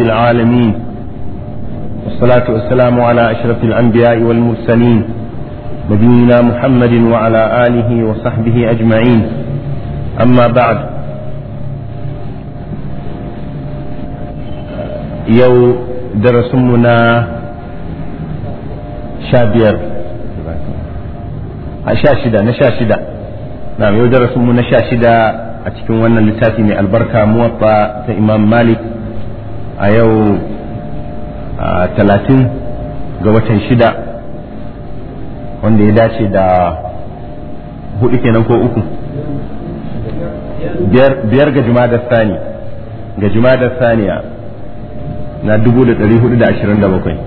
رب العالمين والصلاة والسلام على أشرف الأنبياء والمرسلين نبينا محمد وعلى آله وصحبه أجمعين أما بعد يو درسمنا شابير آه، شاشدة نشاشدة نعم يو درسمنا شاشدة أتكون cikin wannan littafi mai albarka muwatta a yau talatin ga watan shida wanda ya dace da hudu kenan ko uku biyar ga da sani ga da saniya na dubu bakwai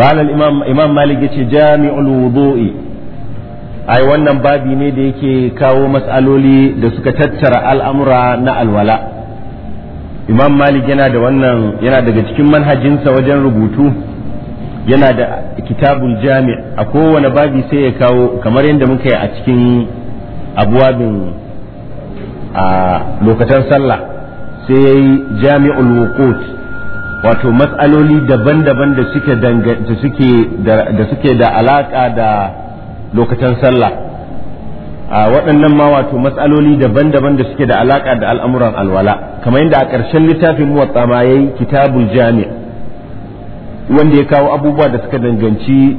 قال الإمام إمام مالك جامع الوضوء ai wannan babi ne da yake kawo matsaloli da suka tattara al'amura na alwala imam malik yana da wannan yana daga cikin manhajinsa wajen rubutu yana da kitabul jami' a kowane babi sai ya kawo kamar yadda muka yi a cikin abuwabin a lokacin sallah sai ya yi jami'ul wuqut wato matsaloli daban-daban da suke da suke da alaka da lokacin sallah a waɗannan ma wato matsaloli daban-daban da suke da alaƙa da al'amuran alwala kamar yadda a ƙarshen littafin muwatsa ma ya kitabul jami wanda ya kawo abubuwa da suka danganci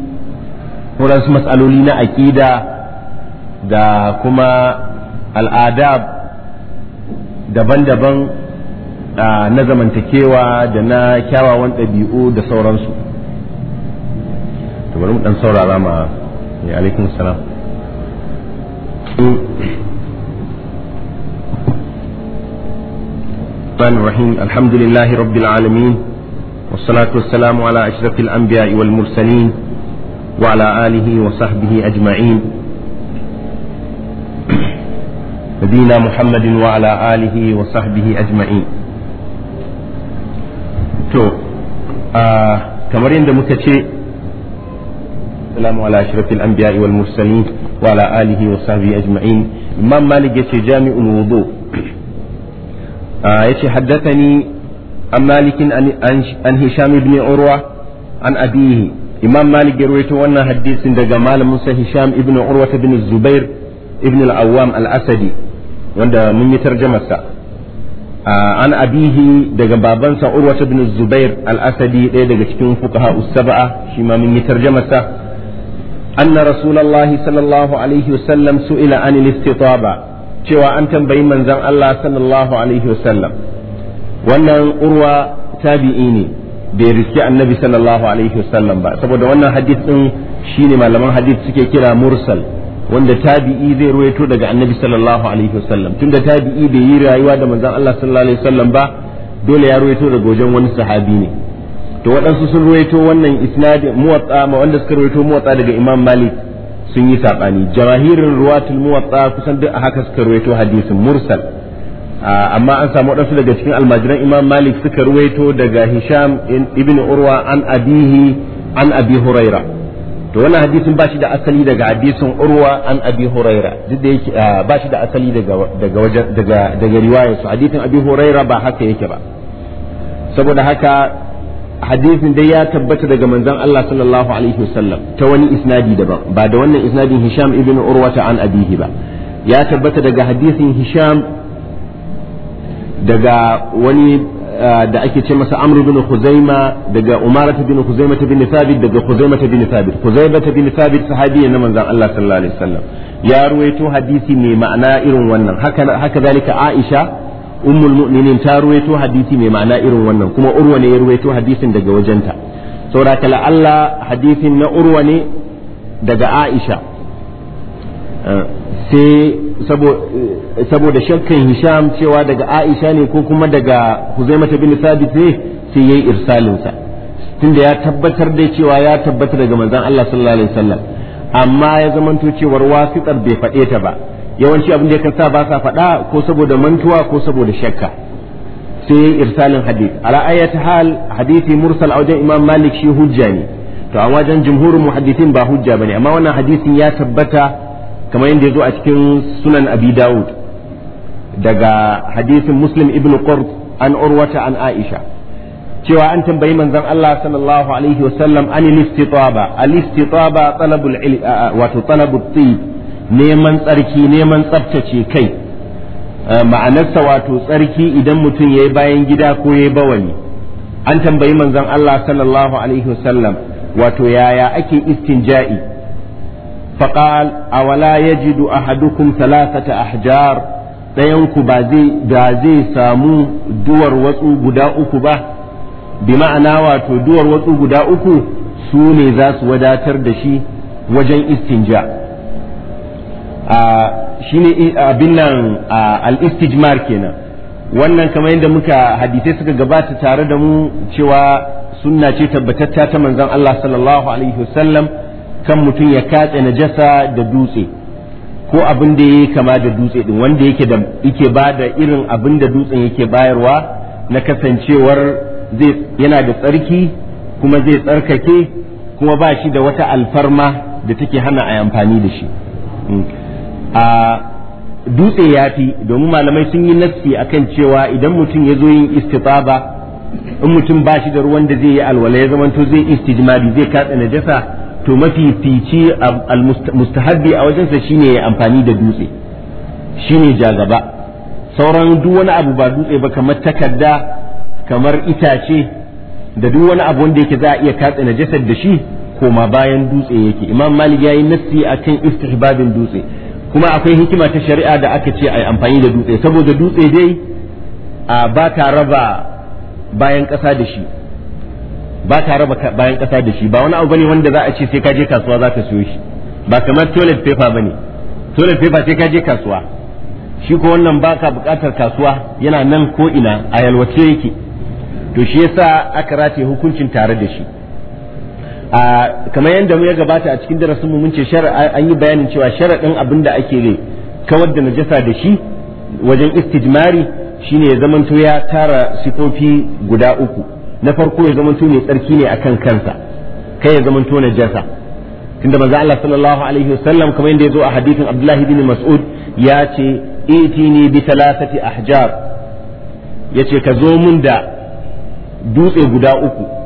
wurin matsaloli na aƙida da kuma al'adab daban-daban na zamantakewa da na kyawawan ɗabi'u da sauransu. ɗan saurara ma Ya, alaikumussalam. Tuhan Rahim, Alhamdulillahi Rabbil Alamin, wassalatu wassalamu ala ashrafil anbiya wal mursalin wa ala alihi wa sahbihi ajma'in. نبينا محمد وعلى آله وصحبه أجمعين تو آه كمرين دمكتشي والسلام على أشرف الأنبياء والمرسلين وعلى آله وصحبه أجمعين إمام مالك يتي جامع الوضوء آه يتي حدثني عن مالك عن هشام بن عروة عن أبيه إمام مالك يرويته وانا حديث عند جمال موسى هشام بن عروة بن الزبير ابن العوام الأسدي وانا من يترجم الساعة an abihi daga babansa urwata bin zubair al-asadi ɗaya daga cikin fuqaha us-sab'a shi ma mun yi tarjamasa أن رسول الله صلى الله عليه وسلم سئل عن الاستطابة cewa an tambayi manzon Allah sallallahu alaihi wasallam wannan urwa tabi'i ne bai riski annabi sallallahu alaihi wasallam ba saboda wannan hadith din shine malaman hadith suke kira mursal wanda tabi'i zai ruwaito daga annabi sallallahu alaihi wasallam tunda tabi'i bai yi rayuwa da manzon Allah sallallahu alaihi wasallam ba dole ya ruwaito daga wajen wani sahabi ne to waɗansu sun ruwaito wannan isnad muwatsa ma wanda suka ruwaito muwatsa daga imam malik sun yi sabani jawahirin ruwatul muwatsa kusan duk haka suka ruwaito hadisin mursal amma an samu waɗansu daga cikin almajiran imam malik suka ruwaito daga hisham ibn urwa an abihi an abi huraira to wannan hadisin ba shi da asali daga hadisin urwa an abi huraira duk da yake ba shi da asali daga daga daga daga riwayar su hadisin abi huraira ba haka yake ba saboda haka hadisin dai ya tabbata daga manzon Allah sallallahu alaihi wasallam ta wani isnadi daban ba da wannan isnadin Hisham ibn Urwata an abihi ba ya tabbata daga hadisin Hisham daga wani uh, da ake ce masa Amr ibn Khuzaima daga Umara ibn Khuzaima ibn Thabit daga Khuzaima ibn Thabit Khuzaima ibn Thabit sahabi na manzon Allah sallallahu alaihi wasallam ya ruwaito hadisi mai ma'ana irin wannan haka haka zalika Aisha ummul mu'minin ta ruwaito hadisi mai ma'ana irin wannan kuma urwa ne ya ruwaito hadisin daga wajenta saboda kala Allah hadisin na urwa ne daga Aisha eh, sai eh, saboda shakkan Hisham cewa daga Aisha ne ko kuma daga Huzaimata bin Sabit ne sai yayi irsalinsa tunda ya tabbatar da cewa ya tabbata daga manzon Allah sallallahu alaihi wasallam amma ya zamanto cewa wasiƙar bai faɗe ta ba yawanci abin da yakan sa ba sa faɗa ko saboda mantuwa ko saboda shakka sai irsalin hadith ala ayati hal hadisi mursal a wajen imam malik shi hujja ne to a wajen jumhurin muhaddisin ba hujja bane amma wannan hadisin ya tabbata kamar yadda ya zo a cikin sunan abi dawud daga hadisin muslim ibn qurt an urwata an aisha cewa an tambayi manzon Allah sallallahu alaihi wasallam an al-istitaba al-istitaba talabul wato talabul tib neman tsarki neman tsaftace kai eh, ma'anarsa wato tsarki idan mutum ya yi bayan gida ko ya yi bawani an tambayi manzon Allah sallallahu alaihi wasallam wato yaya ake istinja'i faqal awala yajidu ahadukum thalathata ahjar ɗayanku ba zai samu duwar watsu guda uku ba bi ma'ana wato duwar watsu guda uku su ne za su wadatar da shi wajen istinja' shine abin nan al-istijmar kenan wannan kamar yadda muka hadisai suka gabata tare da mu cewa sunna ce tabbatatta ta manzon Allah sallallahu alaihi wasallam kan mutum ya katse najasa da dutse ko abin da yake kama da dutse din wanda yake da yake ba da irin abin da dutsen yake bayarwa na kasancewar zai yana da tsarki kuma zai tsarkake kuma ba shi da wata alfarma da take hana a amfani da shi hmm. a dutse ya fi domin malamai sun yi nassi akan cewa idan mutum ya zo yin istitaba in mutum ba shi da ruwan da zai yi alwala ya zamanto zai istijmabi zai katsa jasa to mafi fici mustahabbi a wajensa shine ya amfani da dutse shine jagaba sauran duk wani abu ba dutse ba kamar takarda kamar itace da duk wani abu wanda yake za a iya katsa najasar da shi koma bayan dutse yake imam malik yayi nassi kan istihbabin dutse kuma akwai hikima ta shari'a da aka ce a yi amfani da dutse saboda dutse dai a ba ta raba bayan ƙasa da shi ba ta raba bayan ƙasa da shi ba wani abu bane wanda za a ce sai ka je kasuwa za ka siyo shi ba kamar toilet paper bane toilet paper sai ka je kasuwa shi ko wannan ba ka buƙatar kasuwa yana nan ko ina a yalwace yake to shi yasa aka rataye hukuncin tare da shi kamar yadda mu ya gabata a cikin darasin mu mun ce an yi bayanin cewa sharaɗin abin da ake kawar da najasa da shi wajen istijmari shine ya zamanto ya tara sifofi guda uku na farko ya zamanto ne tsarki ne akan kansa kai ya zamanto najasa tunda manzo Allah sallallahu alaihi wasallam kamar yadda ya zo a hadithin Abdullah bin Mas'ud ya ce itini bi thalathati ahjar yace ka zo mun da dutse guda uku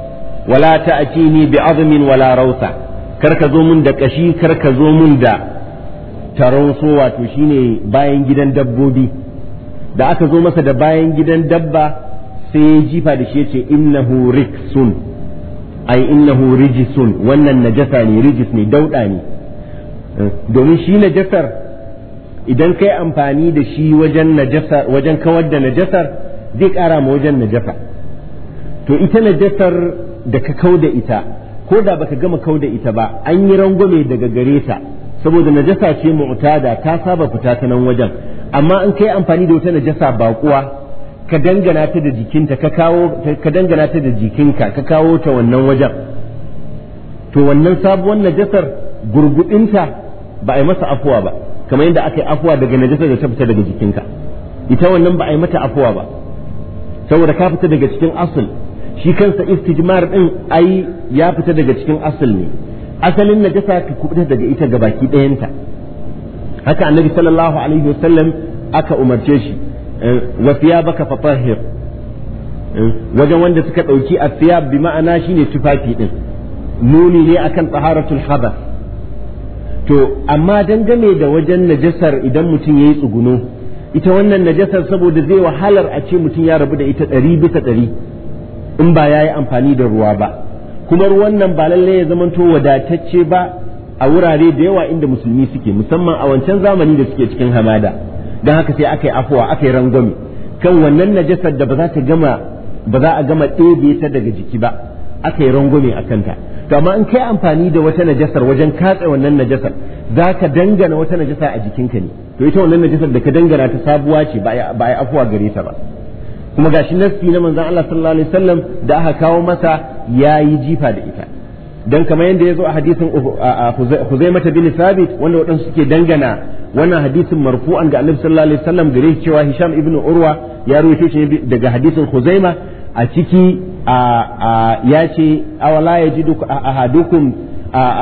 wala ta'tini bi azumin wala rausa kar ka zo mun da kashi kar ka zo mun da taroso wato shine bayan gidan dabbobi da aka zo masa da bayan gidan dabba sai jifa da shi yace innahu riksun ai innahu rijisun wannan najasa ne rijis ne dauda ne domin shi najasar idan kai amfani da shi wajen kawar da najasar zai kara ma wajen najasa to ita najasar da ka kau da ita ko da baka gama kau da ita ba an yi rangwame daga gare ta saboda najasa ce mu'tada ta saba fita ta nan wajen amma in kai amfani da wata najasa baƙuwa ka dangana ta da jikinta ka kawo ka dangana ta da jikinka ka kawo ta wannan wajen to wannan sabuwar najasar gurgudinta ba a yi masa afuwa ba kamar yadda aka yi afuwa daga najasar da ta fita daga jikinka ita wannan ba a yi mata afuwa ba saboda ka fita daga cikin asul shi kansa istijmar din ai ya fita daga cikin asal ne asalin najasa ka kubuta daga ita ga baki ɗayanta haka annabi sallallahu alaihi wasallam aka umarce shi eh, wa thiyabaka fatahhir eh, wajen wanda suka ɗauki athiyab bi ma'ana shine tufafi din nuni ne akan taharatul haba to amma dangane da wajen najasar idan mutum yayi tsuguno ita wannan najasar saboda zai wahalar a ce mutum ya rabu da ita ɗari bisa ɗari in ba ya yi amfani da ruwa ba kuma ruwan nan ba lalle ya zamanto wadatacce ba a wurare da yawa inda musulmi suke musamman a wancan zamani da suke cikin hamada don haka sai aka yi afuwa aka yi rangwame kan wannan najasar da ba za ta gama ba za a gama ɗebe ta daga jiki ba aka yi rangwame a kanta to amma in kai amfani da wata najasar wajen katse wannan najasar za ka dangana wata najasa a jikinka ne to ita wannan najasar da ka dangana ta sabuwa ce ba a afuwa gare ta ba kuma gashi nassi na manzon Allah sallallahu alaihi wasallam da aka kawo masa yayi jifa da ita dan kamar yadda yazo a hadisin Huzaimah bin Thabit wanda wadansu suke dangana wannan hadisin marfu'an ga Annabi sallallahu alaihi wasallam gare cewa Hisham ibn Urwa ya rawaito shi daga hadisin huzaima a ciki ya ce awala yajidu ahadukum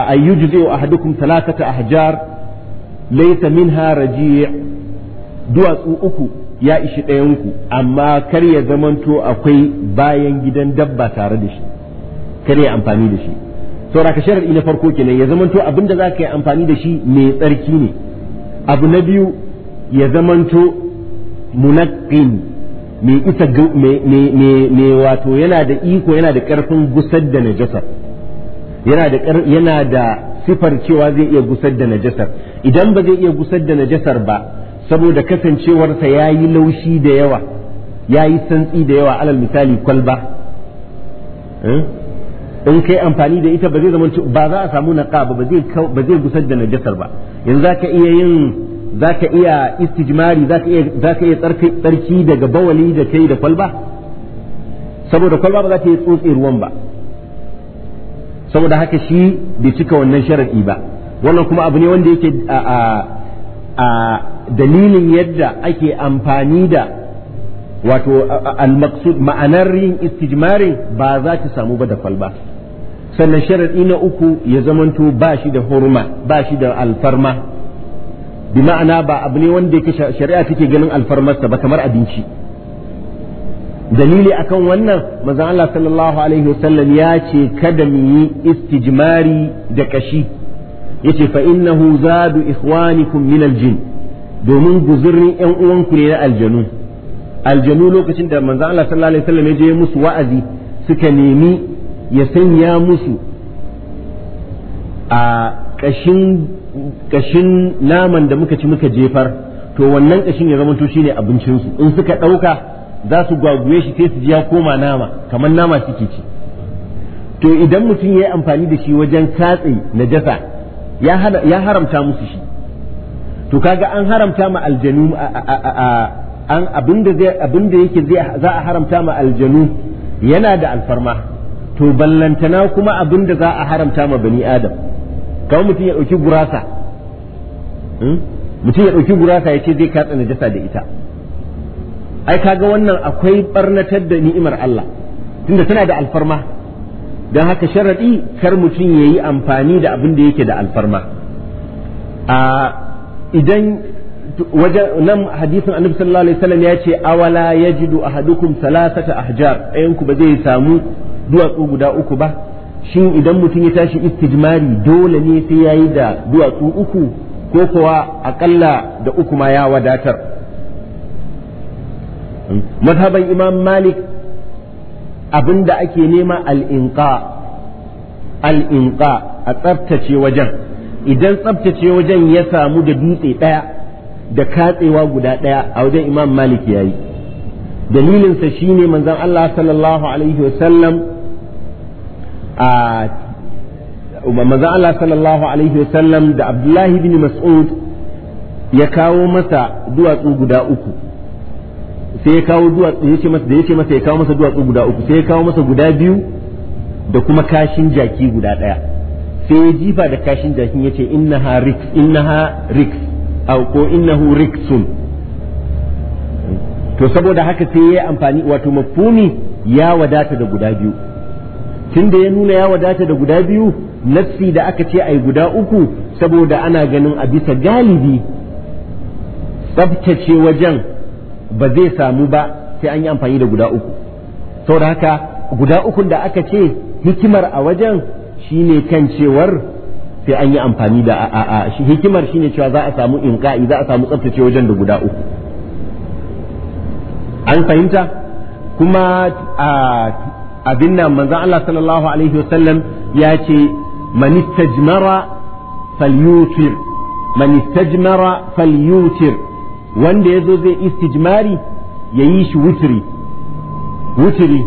ayyujzi ahadukum thalathata ahjar laysa minha raji' duwatsu uku ya ishi ɗayanku amma kar ya zamanto akwai bayan gidan dabba tare da shi kar ya amfani da shi saura ka sharadi na farko kenan ya zamanto abin da za ka yi amfani da shi mai tsarki ne abu na biyu ya zamanto munaqqin mai isa mai wato yana da iko yana da karfin gusar da najasa yana da yana da sifar cewa zai iya gusar da najasar idan ba zai iya gusar da najasar ba saboda kasancewarsa ya yi laushi da yawa ya yi santsi da yawa alal misali kwalba eh? in kai amfani da ita ba zai zama ba za a samu naqa ba ba zai gusar da najasar ba yanzu ka iya yin ka iya istijmari zaka iya iya tsarki daga bawali da kai da kwalba saboda kwalba ba za ta yi tsotse ruwan ba saboda haka shi bai cika wannan sharadi ba wannan kuma abu ne wanda yake a dalilin yadda ake amfani da wato al-maqsud ma'anar yin istijmari ba za ta samu ba da kwalba sannan sharaɗi na uku ya zamanto ba shi da hurma ba shi da alfarma bi ma'ana ba abu ne wanda yake shari'a take ganin alfarmarsa ba kamar abinci dalili akan wannan manzon Allah sallallahu alaihi wasallam ya ce kada mu yi istijmari da kashi yace fa innahu zadu ikhwanikum min al-jinn domin guzurin yan uwanku ne na aljanu aljanu lokacin da manzo Allah sallallahu alaihi wasallam ya je musu wa'azi suka nemi ya sanya musu a kashin kashin naman da muka ci muka jefar to wannan kashin ya to shine abincin su in suka dauka za su gwagwaye shi sai su ji ya koma nama kamar nama suke ci to idan mutum ya yi amfani da shi wajen katse najasa ya haramta musu shi to kaga an haramta ma aljanu an abinda zai abinda yake zai za a haramta ma aljanu yana da alfarma to ballantana kuma abinda za a haramta ma bani adam kawai mutum ya dauki gurasa hmm? mutum ya dauki gurasa ya ce zai katsa najasa da ita ai kaga wannan akwai barnatar da ni'imar Allah tunda tana da alfarma don haka sharaɗi kar mutum ya yi amfani da abin da yake da alfarma a idan wajen nan hadisin annabi sallallahu alaihi wasallam ya ce awala yajidu ahadukum thalathata ahjar ayan ku ba zai samu duwatsu guda uku ba shin idan mutum ya tashi istijmari dole ne sai yayi da duwatsu uku ko kuwa akalla da uku ma ya wadatar mazhaban imam malik abinda ake nema al-inqa al-inqa a tsaftace wajen idan tsabtace wajen ya samu da dutse ɗaya da katsewa guda ɗaya a wajen imam malik ya yi dalilinsa shine manzan Allah sallallahu alaihi wasallam a manzan Allah sallallahu alaihi wasallam da Abdullahi bin Mas'ud ya kawo masa duwatsu guda uku sai ya kawo duwatsu ce masa da ce masa ya kawo masa duwatsu guda uku sai ya kawo masa guda biyu da kuma kashin jaki guda ɗaya sai ya jifa da kashin jakin ya ce innaha riks innaha riks au ko innahu riksun to saboda haka sai ya yi amfani wato mafumi ya wadata da guda biyu tunda ya nuna ya wadata da guda biyu nafsi da aka ce ai guda uku saboda ana ganin a bisa galibi tsabtace wajen ba zai samu ba sai an yi amfani da guda uku saboda haka guda ukun da aka ce hikimar a wajen shine kan cewar sai an yi amfani da a hikimar shine cewa za a samu inka'i za a samu tsaftace wajen da guda uku an fahimta kuma abin nan manzon Allah sallallahu alaihi wasallam ya ce man istajmara falyutir man falyutir wanda zai istijmari yayi shi wutiri wutiri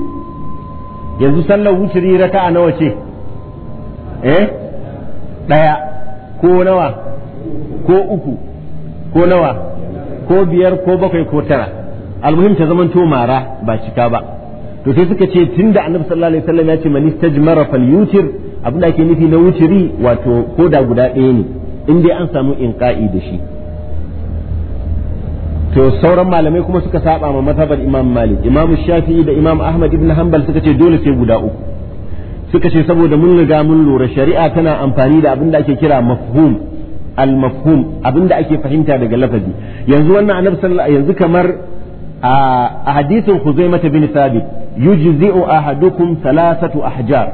yanzu sallar wutiri raka'a nawa ce eh ɗaya ko nawa ko uku ko nawa ko biyar ko bakwai ko tara almuhim ta zaman to mara ba cika ba to sai suka ce tunda annabi sallallahu alaihi wasallam ya ce man istajmara yutir abin da ake nufi na wuturi wato ko da guda ɗaya ne in dai an samu inqa'i da shi to sauran malamai kuma suka saba ma mazhabar imam malik imam shafi'i da imam ahmad ibn hanbal suka ce dole sai guda uku suka ce saboda mun riga mun lura shari'a tana amfani da abin da ake kira mafhum al-mafhum abin da ake fahimta daga lafazi yanzu wannan annabi sallallahu yanzu kamar a hadisin Khuzaimah bin Thabit yujzi'u ahadukum thalathatu ahjar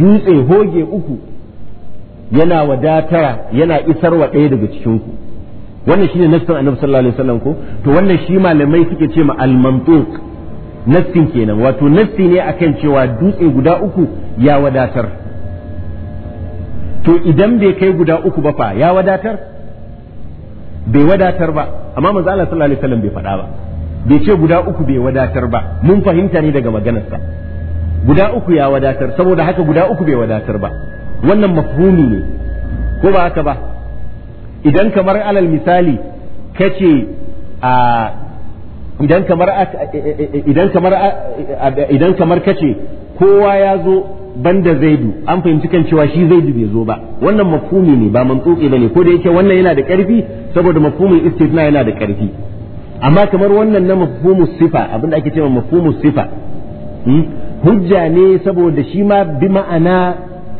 dutse hoge uku yana wadatara yana isarwa ɗaya daga cikin ku wannan shine nassin annabi sallallahu alaihi wasallam ko to wannan shi malamai suke ce ma al-mantuq nassin kenan wato nassi ne akan cewa dutse guda uku ya wadatar to idan bai kai guda uku ba fa ya wadatar bai wadatar ba amma manzo Allah sallallahu alaihi wasallam bai faɗa ba bai ce guda uku bai wadatar ba mun fahimta ne daga maganarsa guda uku ya wadatar saboda haka guda uku bai wadatar ba wannan mafhumi ne ko ba haka ba idan kamar alal misali kace a idan kamar idan kamar kace kowa ya zo banda zaidu an fahimci kan cewa shi zaidu bai zo ba wannan mafhumi ne ba ba ne. ko da yake wannan yana da karfi saboda mafhumin istithna yana da karfi amma kamar wannan na mafhumu sifa abinda ake cewa mafhumu sifa hmm, hujja ne saboda shi ma bi ma'ana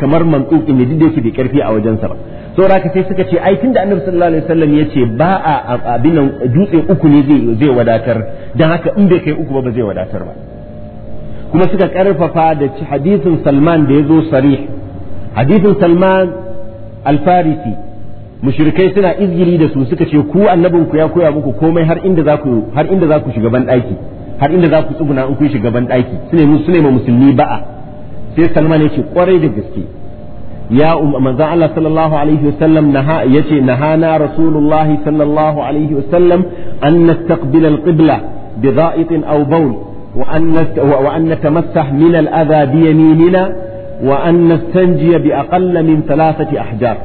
kamar mantsuke ne duk da yake da karfi a wajensa ba saboda sai suka ce ai tunda annabi sallallahu alaihi wasallam ya ce ba a abin nan dutse uku ne zai wadatar dan haka in bai kai uku ba ba zai wadatar ba kuma suka karfafa da hadisin Salman da ya zo sarih hadisin Salman al-Farisi mushrikai suna izgiri da su suka ce ku annabin ku ya koya muku komai har inda za ku har inda za shiga ban daki har inda za ku tsuguna in ku shiga ban daki sune mu sune musulmi ba'a sai Salman ya ce kwarai da gaske ya um-, manzon Allah sallallahu alaihi wasallam naha yace na rasulullah sallallahu alaihi wasallam an nastaqbila alqibla bi dha'itin aw bawl wa an wa an natamassah min al-adha bi yaminina wa an nastanjiya bi aqall min thalathati ahjar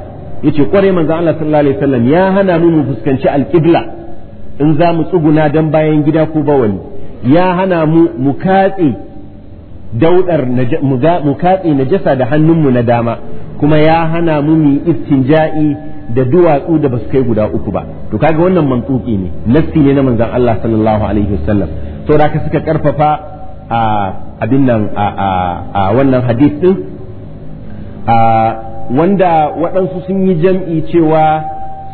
yace kware manzon Allah sallallahu alaihi wasallam ya hana mu mu fuskanci alqibla in za mu tsuguna dan bayan gida ko bawali ya hana mu mu katse daudar mu katse najasa da hannunmu na dama kuma ya hana mu mu ja'i da duwatsu da basu kai guda uku ba to kaga wannan mantsuki ne nassi ne na manzon Allah sallallahu alaihi wasallam da ka suka karfafa a abin nan a wannan hadith din a wanda waɗansu sun yi jam'i cewa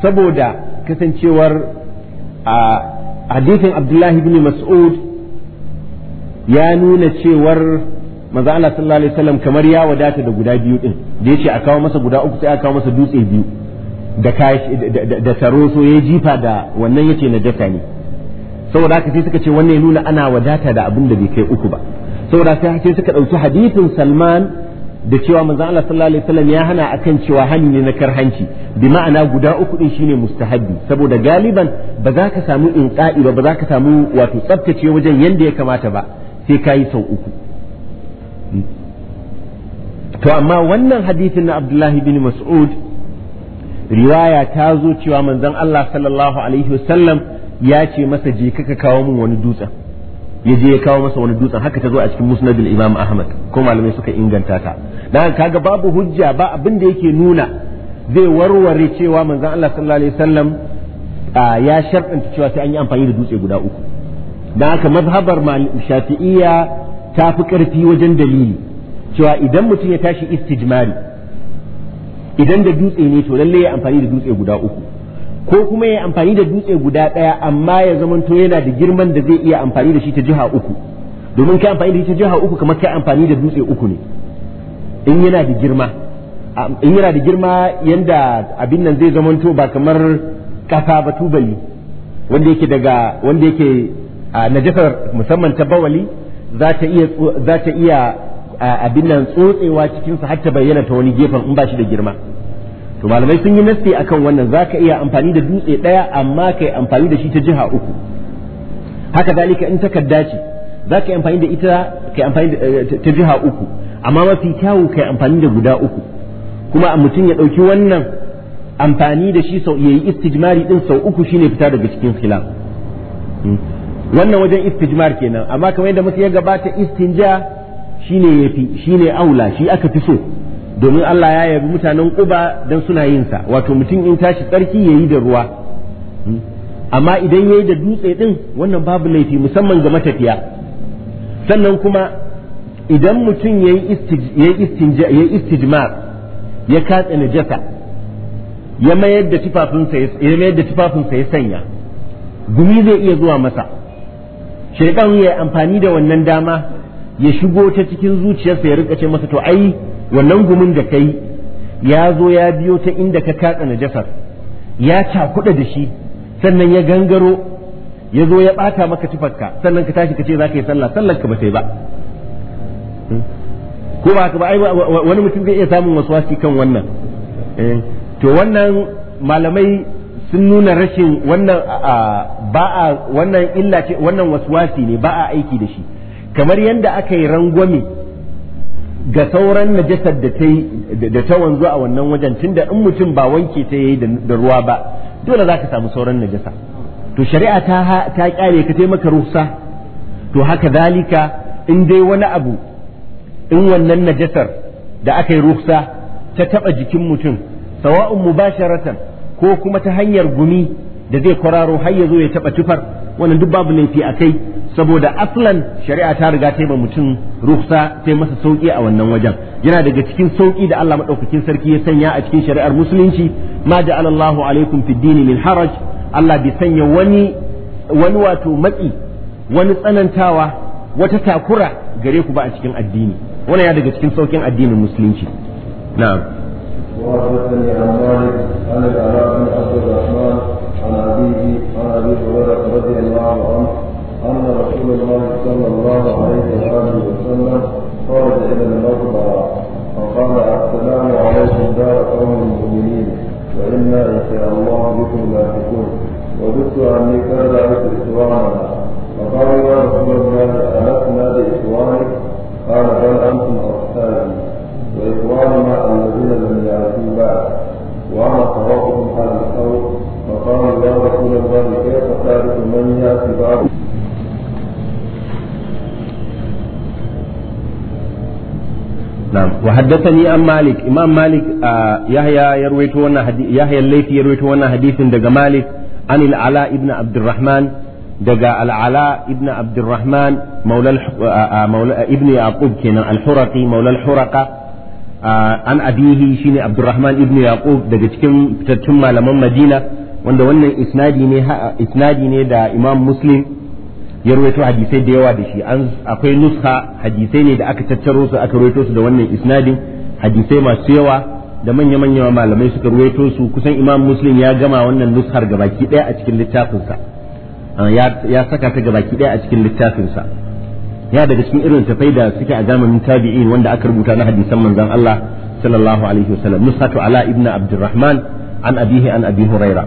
saboda kasancewar a hadithin Abdullahi bin Mas'ud ya nuna cewar manzo Allah sallallahu alaihi wasallam kamar ya wadata da guda biyu din da yace a kawo masa guda uku sai a kawo masa dutse biyu da da taroso ya jifa da wannan yace najasa ne saboda haka sai suka ce wannan ya nuna ana wadata da abin da bai kai uku ba saboda sai suka dauki hadithin Salman da cewa manzo Allah sallallahu alaihi wasallam ya hana akan cewa hani ne na karhanci bi ma'ana guda uku din shine mustahabbi saboda galiban ba za ka samu inqa'i ba ba za ka samu wato tsaftace wajen yanda ya kamata ba sai kayi sau uku to amma wannan hadithin na abdullahi bin mas'ud riwaya ta zo cewa manzon Allah sallallahu alaihi wasallam ya ce masa je ka kawo min wani dutsen ya je ya kawo masa wani dutsen haka ta zo a cikin musnadul imam ahmad ko malamai suka inganta ta dan kaga babu hujja ba abin da yake nuna zai warware cewa manzon Allah sallallahu alaihi wasallam ya sharɗanta cewa sai an yi amfani da dutse guda uku dan haka mazhabar shafi'iyya ta fi ƙarfi wajen dalili cewa idan mutum ya tashi istijmari idan da dutse ne to lalle ya amfani da dutse guda uku ko kuma ya amfani da dutse guda ɗaya amma ya zamanto yana da girman da zai iya amfani da shi ta jiha uku domin kai amfani da shi ta jiha uku kamar kai amfani da dutse uku ne in yana da girma in yana da girma yanda abin nan zai zamanto ba kamar kasa ba tubali wanda yake daga wanda yake a najasar musamman ta bawali za ta iya za ta iya abin nan tsotsewa cikin sa har ta bayyana ta wani gefen in ba shi da girma to malamai sun yi nasti akan wannan za ka iya amfani da dutse daya amma kai amfani da shi ta jiha uku haka zalika in takarda ce ka yi amfani da ita kai amfani eh, ta jiha uku amma mafi kyawu kai amfani da guda uku kuma a mutum ya ɗauki wannan amfani da shi sau yayi istijmari ɗin sau uku shine fita daga cikin filan. Hmm. wannan wajen istijmar kenan amma kamar yadda muka ya gabata istinja shine yafi shine aula shi aka fi so domin Allah ya yabi mutanen Quba dan suna yin sa wato mutum in tashi tsarki yayi da ruwa hmm. amma idan yayi da dutse din wannan babu laifi musamman ga matafiya sannan kuma idan mutum yayi istijma yayi istijma ya katsa najasa ya mayar da sa ya mayar da tufafinsa ya sanya gumi zai iya zuwa masa shekaru ya amfani da wannan dama ya shigo ta cikin zuciyarsa ya rika ce masa to ai wannan gumin da kai ya zo ya biyo ta inda ka katsa jasar ya cakuɗa da shi sannan ya gangaro ya zo ya ɓata maka tufarka sannan ka tashi ka ce za ka yi sallah sallar ka ba sai ba hmm? ko ba ka ba ai wani mutum zai iya samun wasu wasi kan wannan eh, to wannan malamai sun nuna rashin wannan ba a wannan illa ce wannan waswasi ne ba a aiki da shi kamar yadda aka yi rangwame ga sauran najasar da ta wanzu a wannan wajen tunda in mutum ba wanke ta yayi da ruwa ba dole za ka samu sauran najasa to shari'a ta ta kyale ka taimaka ruhsa to haka dalika in dai wani abu in wannan najasar da aka yi ruhsa ta taba jikin mutum sawa'un mubasharatan ko kuma ta hanyar gumi da zai kwararo har ya zo ya taba tufar wannan duk babu laifi a kai saboda aslan shari'a ta riga ta yi mutum ruhsa ta masa sauki a wannan wajen yana daga cikin sauki da Allah madaukakin sarki ya sanya a cikin shari'ar musulunci ma ja'ala alaikum fi dini min haraj Allah bai sanya wani wani wato matsi wani tsanantawa wata takura gare ku ba a cikin addini wannan ya daga cikin saukin addinin musulunci na'am وحدثني عن مالك عن العلاء بن عبد عن أبيه عن أبي هريرة رضي الله عنه أن رسول الله صلى الله عليه وآله وسلم خرج إلى المقبرة فقال السلام عليكم دار قوم المؤمنين وإنا إن شاء الله بكم لاحقون وجدت أني كان ذلك إخواننا فقالوا يا رسول الله ألسنا wa haddathani an malik imam malik yahya ya rawaito wannan hadisi yahya wannan hadisin daga malik an al-ala ibn daga al-ala ibn abdurrahman maula ibn yaqub kenan al-huraqi maula al-huraqa an abihi shine abdurrahman ibn yaqub daga cikin tattun malaman madina wanda wannan isnadi ne isnadi ne da imam muslim ya rawaito hadisai da yawa da shi akwai nuska hadisai ne da aka tattaro su aka rawaito su da wannan isnadin hadisai masu yawa da manya manya malamai suka rawaito su kusan imam muslim ya gama wannan nuskar gabaki daya a cikin littafinsa ah, ya saka ta gabaki daya a cikin littafinsa ya daga cikin irin tafai da suke a zamanin tabi'in wanda aka rubuta na hadisan manzon Allah sallallahu alaihi wasallam nusatu ala ibn abdurrahman an abihi an abi huraira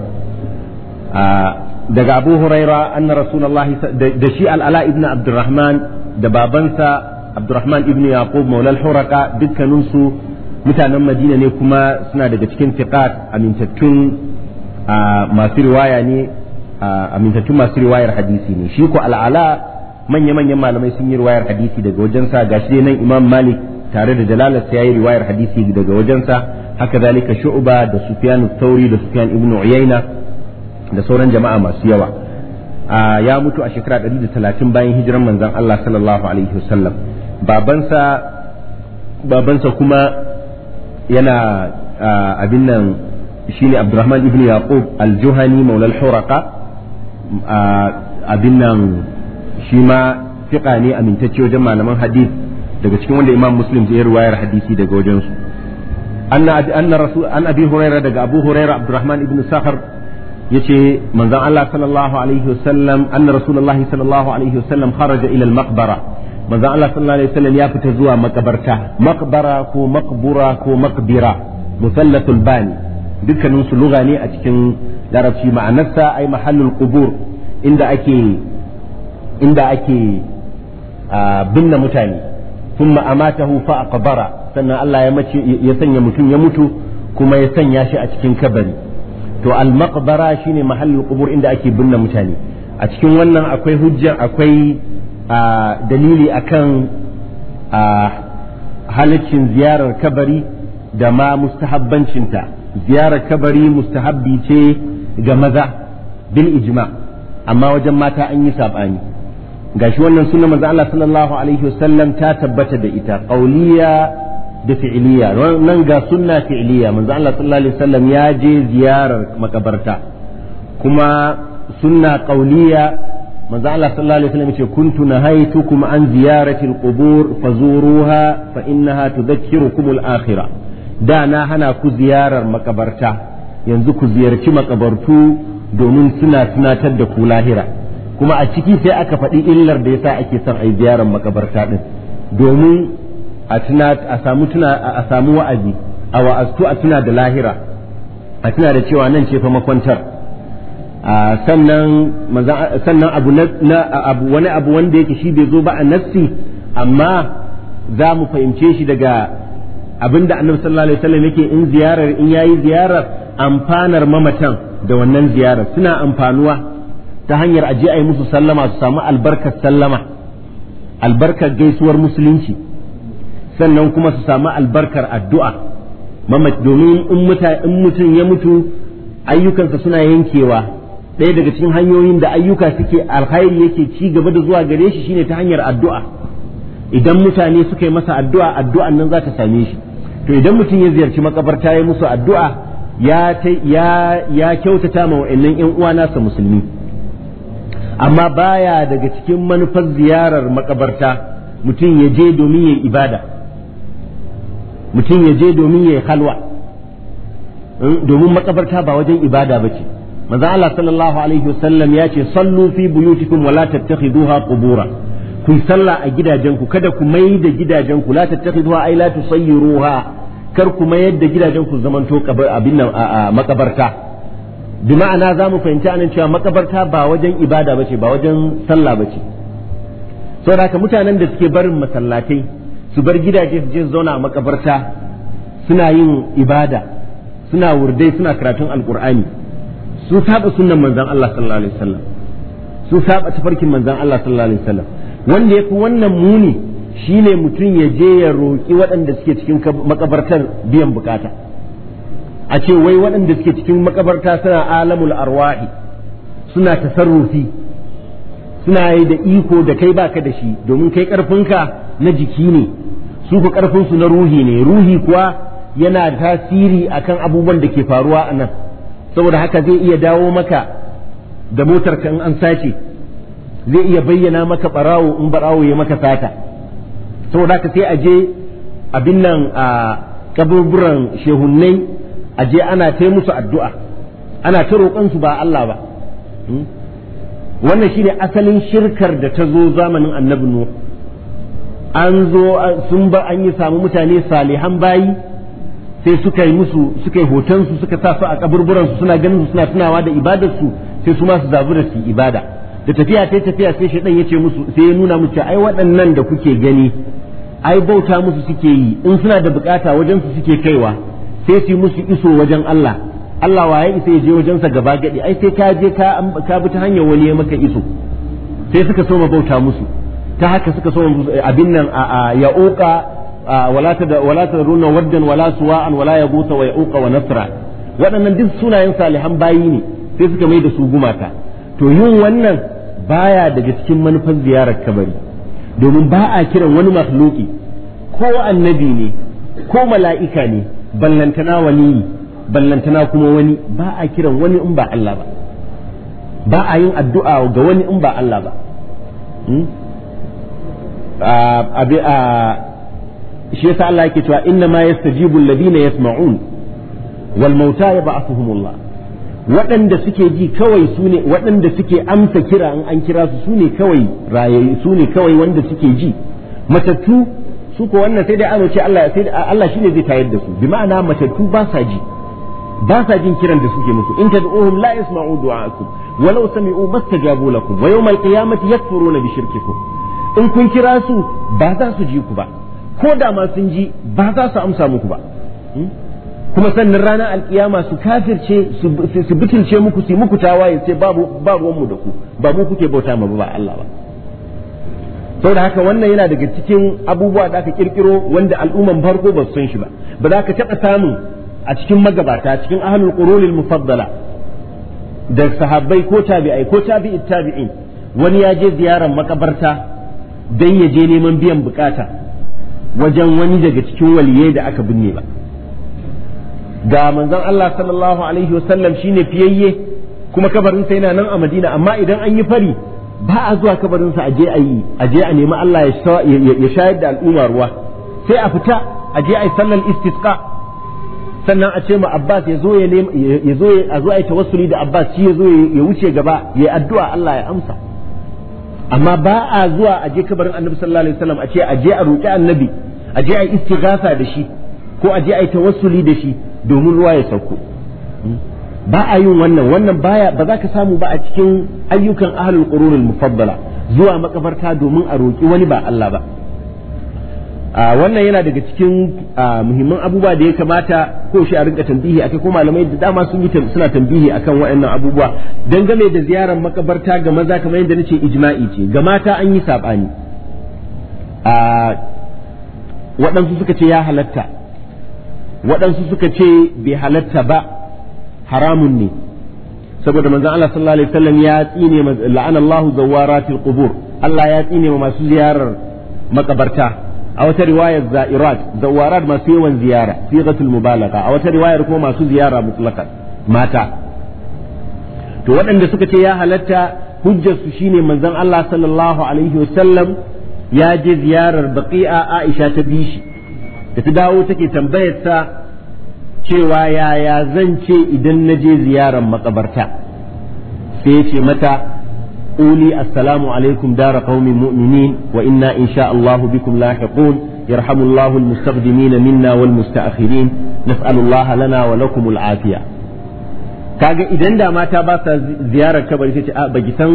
ah, daga abu huraira anna Allah da shi al'ala ibn abdurrahman da babansa abdurrahman ibn yaqub maulal huraka dukkaninsu mutanen madina ne kuma suna daga cikin tiqat amintattun masu riwaya ne amintattun masu riwayar hadisi ne shi ko al'ala manya-manyan malamai sun yi riwayar hadisi daga wajensa ga shi nan imam malik tare da jalalarsa ya yi riwayar hadisi daga wajensa haka zalika shu'ba da sufyan tauri da sufyan ibn uyayna da sauran jama'a masu yawa ya mutu a shekara da 130 bayan hijiran manzon Allah sallallahu alaihi wasallam babansa babansa kuma yana abin nan shine Abdurrahman ibn Yaqub al-Juhani maula al-Huraqa abin nan shi ma fiqa ne amintacce wajen malaman hadith daga cikin wanda Imam Muslim ya ruwayar hadisi daga wajensu anna anna rasul an abi hurairah daga abu huraira abdurrahman ibn sahar yace manzon Allah sallallahu alaihi wasallam anna rasulullahi sallallahu alaihi wasallam kharaja maqbara manzon Allah sallallahu ya fita zuwa makabarta maqbara ko maqbura ko maqbira musallatul bani dukkanin su ne a cikin larabci ma'anarsa ai mahallul kubur. inda ake inda ake binne mutane thumma hufa a kabara sannan Allah ya sanya mutum ya mutu kuma ya sanya shi a cikin kabari to al-maqbara shine mahallul qubur inda ake binne mutane a cikin wannan akwai hujja akwai dalili akan halaccin ziyarar kabari da ma mustahabbancinta ziyarar kabari mustahabbi ce ga maza bil ijma amma wajen mata an yi sabani gashi wannan sunan manzo Allah sallallahu alaihi wasallam ta tabbata da ita qauliya da fi'iliya nan ga sunna fi'iliya manzo Allah sallallahu alaihi wasallam ya je ziyarar makabarta kuma sunna qauliya manzo Allah sallallahu alaihi wasallam ce kuntu nahaytukum an ziyarati alqubur fazuruha fa innaha tudhakkirukum al da na hana ku ziyarar makabarta yanzu ku ziyarci makabartu domin suna tunatar da ku lahira kuma a ciki sai aka faɗi illar da yasa ake son ayi ziyarar makabarta din domin a a samu wa'azi a wa'aztu a tuna da lahira a tuna da cewa nan ce fa makwantar sannan sannan abu wani abu wanda yake shi bai zo ba a nassi amma za mu fahimce shi daga abinda annabi sallallahu alaihi wasallam yake in ziyarar in yayi ziyarar amfanar mamatan da wannan ziyarar suna amfanuwa ta hanyar aje a yi musu sallama su samu albarkar sallama albarkar gaisuwar musulunci sannan kuma su samu albarkar addu'a domin in mutum ya mutu ayyukansa suna yankewa ɗaya daga cikin hanyoyin da ayyuka suke alkhairi yake ci gaba da zuwa gare shi shine ta hanyar addu'a idan mutane suka yi masa addu'a addu'an nan za ta same shi to idan mutum ya ziyarci makabarta ya musu addu'a ya ya ya kyautata ma wa'annan ƴan uwa nasa musulmi amma baya daga cikin manufar ziyarar makabarta mutum ya je domin ya ibada mutum ya je domin ya yi halwa hmm? domin makabarta ba wajen ibada ba ce maza Allah sallallahu alaihi wasallam ya ce sallu fi buyutikum wa la tattakhiduha qubura ku sallah a gidajenku kada ku mai da gidajenku la tattakhiduha ay la tusayyiruha kar ku mayar da gidajenku zamanto abin nan a makabarta bi ma'ana za mu fahimci anan cewa makabarta ba wajen ibada ba ce ba wajen sallah ba ce saboda haka mutanen da suke barin masallatai su bar gidaje su je su zauna makabarta suna yin ibada suna wurdai suna karatun alkur'ani su saba sunnan manzon Allah sallallahu alaihi wasallam su saba tafarkin manzon Allah sallallahu alaihi wasallam wanda yafi wannan muni shine mutum ya je ya roki waɗanda suke cikin makabartar biyan bukata a ce wai waɗanda suke cikin makabarta suna alamul arwahi suna tasarrufi suna yi da iko da kai baka da shi domin kai karfinka na jiki ne su ku ƙarfinsu na ruhi ne ruhi kuwa yana tasiri akan abubuwan da ke faruwa a nan saboda haka zai iya dawo maka da motarka in an sace zai iya bayyana maka barawo in barawo ya maka sata saboda haka sai a je abin nan a kaburburan shehunnai a je ana ta musu addu'a ana ta roƙonsu ba Allah ba hmm? wannan shine asalin shirkar da ta zo zamanin annabi Nuhu an zo sun ba an yi samu mutane salihan bayi sai suka yi musu suka yi hoton su suka sa su a kaburburan su suna ganin su suna tunawa da ibadar su sai su ma su zabi da su ibada da tafiya sai tafiya sai shedan yace musu sai ya nuna musu ai waɗannan da kuke gani ai bauta musu suke yi in suna da bukata wajen su suke kaiwa sai su musu iso wajen Allah Allah waye isa ya je wajen sa gaba gadi ai sai ka je ka ka bi ta hanyar wani ya maka iso sai suka so ma bauta musu ta haka suka so abin nan ya uka wala ta runa wajen wala suwa'an wala ya gusa wa ya uka wa nasra waɗannan duk sunayen salihan bayi ne sai suka mai da su gumata to yin wannan baya daga cikin manufar ziyarar kabari domin ba a kiran wani makhluki ko annabi ne ko mala'ika ne ballantana wani ballantana kuma wani ba a kiran wani in ba Allah ba ba a yin addu'a ga wani in ba Allah ba hmm? abi a shi yasa Allah yake cewa inna ma yastajibu alladhina yasma'un wal mauta yab'athuhumullah waɗanda suke ji kawai su ne waɗanda suke amsa kira in an kira su su ne kawai rayayi su ne kawai wanda suke ji matattu su ko wannan sai dai an ce Allah sai Allah shine zai tayar da su bi ma'ana matattu ba sa ji ba sa jin kiran da suke musu in tad'uhum la yasma'u du'a'akum walau sami'u mastajabu lakum wa yawmal qiyamati yakfuruna bi shirkikum in kun kira su ba za su ji ku ba ko da ma sun ji ba za su amsa muku ba hmm? kuma sannan ranar alkiyama su kafirce su bitince muku su muku tawaye sai babu ruwanmu da ku ba mu kuke bauta ma ba Allah ba saboda haka wannan yana daga cikin abubuwa da aka kirkiro wanda al'umman farko ba su san shi ba ba za ka taɓa samun a cikin magabata cikin ahlul qurunil mufaddala da sahabbai ko tabi'ai ko tabi'it tabi'in wani ya je ziyarar makabarta dan ya je neman biyan bukata wajen wani daga cikin waliyai da aka binne ba ga manzon Allah sallallahu alaihi wasallam shine fiyayye kuma kabarinsa yana nan a Madina amma idan an yi fari ba a zuwa kabarinsa a je a yi a a nemi Allah ya shayar da al'umma ruwa sai a fita a je a yi sallar istisqa sannan a ce ma Abbas ya zo ya zo a zo a yi tawassuli da Abbas shi ya zo ya wuce gaba ya addu'a Allah ya amsa amma ba a zuwa a je kabarin annabi sallallahu alaihi wasallam a ce a je a roƙi annabi a je a yi istighatha da shi ko a je a yi tawassuli da shi domin ruwa ya sauko ba a yin wannan wannan baya ba za ka samu ba a cikin ayyukan ahlul qurunul mufaddala zuwa makabarta domin a roƙi wani ba Allah ba wannan yana daga cikin muhimman abubuwa da ya kamata ko shi a rinka tambihi akai ko malamai da dama sun yi suna tambihi akan waɗannan abubuwa dangane da ziyarar makabarta ga maza kamar yadda nace ijma'i ce ga mata an yi sabani a waɗansu suka ce ya halatta waɗansu suka ce bai halatta ba haramun ne saboda manzon Allah sallallahu alaihi wasallam ya tsine la'anallahu zawaratil qubur Allah ya tsine masu ziyarar makabarta a wata riwayar za'irat zawarat masu yawan ziyara sigatul mubalaga a wata riwayar kuma masu ziyara mutlaqan mata to waɗanda suka ce ya halatta hujjar su shine manzon Allah sallallahu alaihi wasallam ya je ziyarar baqi'a Aisha ta bi shi da ta dawo take tambayar ta cewa yaya zan ce idan na je ziyarar makabarta sai ya ce mata قولي السلام عليكم دار قوم مؤمنين وإنا إن شاء الله بكم لاحقون يرحم الله المستقدمين منا والمستأخرين نسأل الله لنا ولكم العافية kaga idan da mata ba sa ziyarar kabari sai a baki san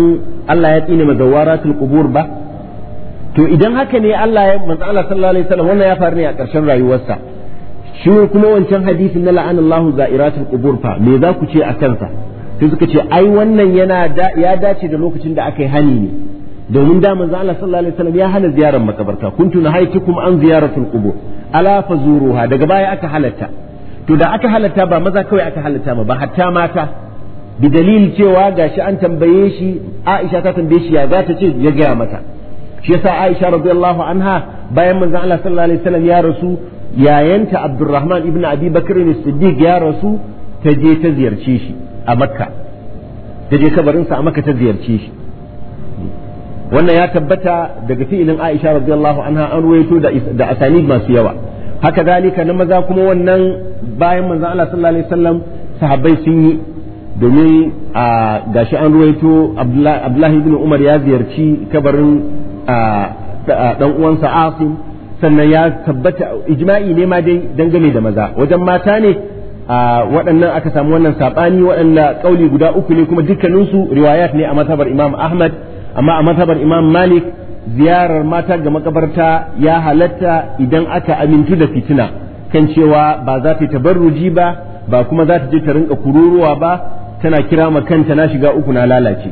Allah ya tsine mazawaratul qubur ba to idan haka ne Allah ya manzo Allah sallallahu alaihi wasallam wannan ya faru ne a ƙarshen rayuwarsa shi kuma wancan hadisin na la'anallahu za'iratul qubur me za ku ce a kansa sai suka ce ai wannan yana ya dace da lokacin da aka yi hani ne domin da manzo Allah sallallahu alaihi wasallam ya hana ziyarar makabarta kuntu kuma an ziyaratul qubur ala fazuruha daga baya aka halatta to da aka halatta ba maza kawai aka halatta ba ba hatta mata bi dalil cewa gashi an tambaye shi Aisha ta tambaye shi ya za ta ce ya gaya mata shi yasa Aisha radiyallahu anha bayan manzo Allah sallallahu alaihi wasallam ya rasu yayanta Abdurrahman ibn Abi Bakr as-Siddiq ya rasu ta je ta ziyarce shi a makka ta je kabarinsa a makka ta ziyarce shi wannan ya tabbata daga fi'ilin aisha radiyallahu anha an ruwaito da asani masu yawa haka zalika na maza kuma wannan bayan manzo Allah sallallahu alaihi wasallam sahabbai sun yi domin a gashi an ruwaito abdullahi ibn umar ya ziyarci kabarin dan uwansa asim sannan ya tabbata ijma'i ne ma dai dangane da maza wajen mata ne waɗannan aka samu wannan saɓani waɗanda ƙauli guda uku ne kuma dukkaninsu riwayat ne a mazhabar imam ahmad amma a mazhabar imam malik ziyarar mata ga makabarta ya halatta idan aka amintu da fitina kan cewa ba za ta tabarruji ba ba kuma za ta je ta rinka kururuwa ba tana kira ma kanta na shiga uku na lalace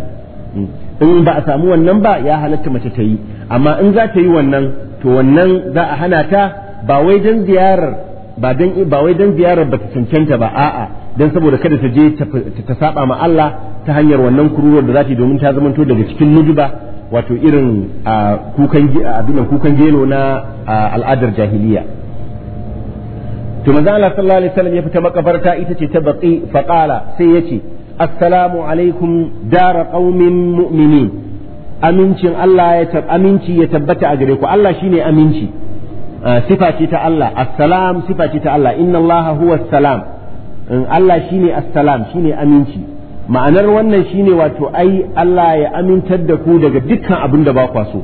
in ba a samu wannan ba ya halatta mace ta yi amma in za ta yi wannan to wannan za a hana ta ba wai don ziyarar ba dan ba wai dan ziyarar ta cancanta ba a'a dan saboda kada ta je ta saba ma Allah ta hanyar wannan kururuwar da yi domin ta zamanto daga cikin nujuba wato irin kukan abinan kukan gelo na al'adar jahiliya to manzo Allah sallallahu alaihi wasallam ya fita makabarta ita ce ta baqi faqala sai yace assalamu alaikum dar qaumin mu'minin amincin Allah ya aminci ya tabbata a gare ku Allah shine aminci Ah, sifa ce ta Allah assalam sifa ce ta Allah inna Allah huwa salam in Allah shine assalam ne aminci ma'anar wannan shi ne wato ai Allah ya amintar da ku daga dukkan abin da ba kwa so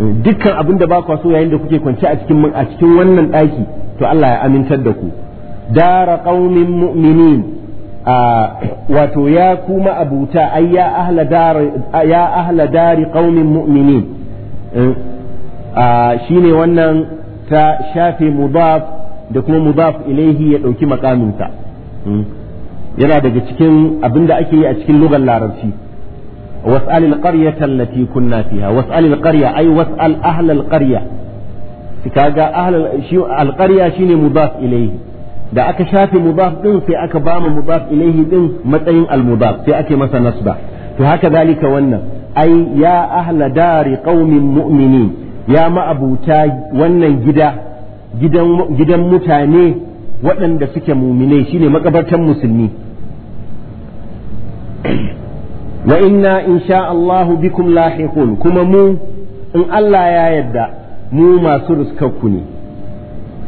eh, dukkan abin da ba kwa so yayin da kuke kwance a cikin a cikin wannan ɗaki to Allah ya amintar da ku dara ƙaumin mu'minin ah, wato ya kuma abuta ai ya ahla dari ƙaumin mu'minin eh, shine wannan ta shafe mudaf da kuma mudaf ilaihi ya ɗauki makaminta yana daga cikin abin da ake yi a cikin lugar larabci was'al al allati kunna fiha was'al al ay was'al ahla al kaga ahla al shine mudaf ilaihi da aka shafe mudaf din sai aka ba mu mudaf ilaihi din matsayin al sai ake masa nasba to haka zalika wannan ai ya ahla dari qaumin mu'minin ya ma'abuta wannan gida gidan mutane waɗanda suke muminai shine makabartan musulmi wa inna insha Allahu bikum lahiqun kuma mu in Allah ya yarda mu masu ruskakku ne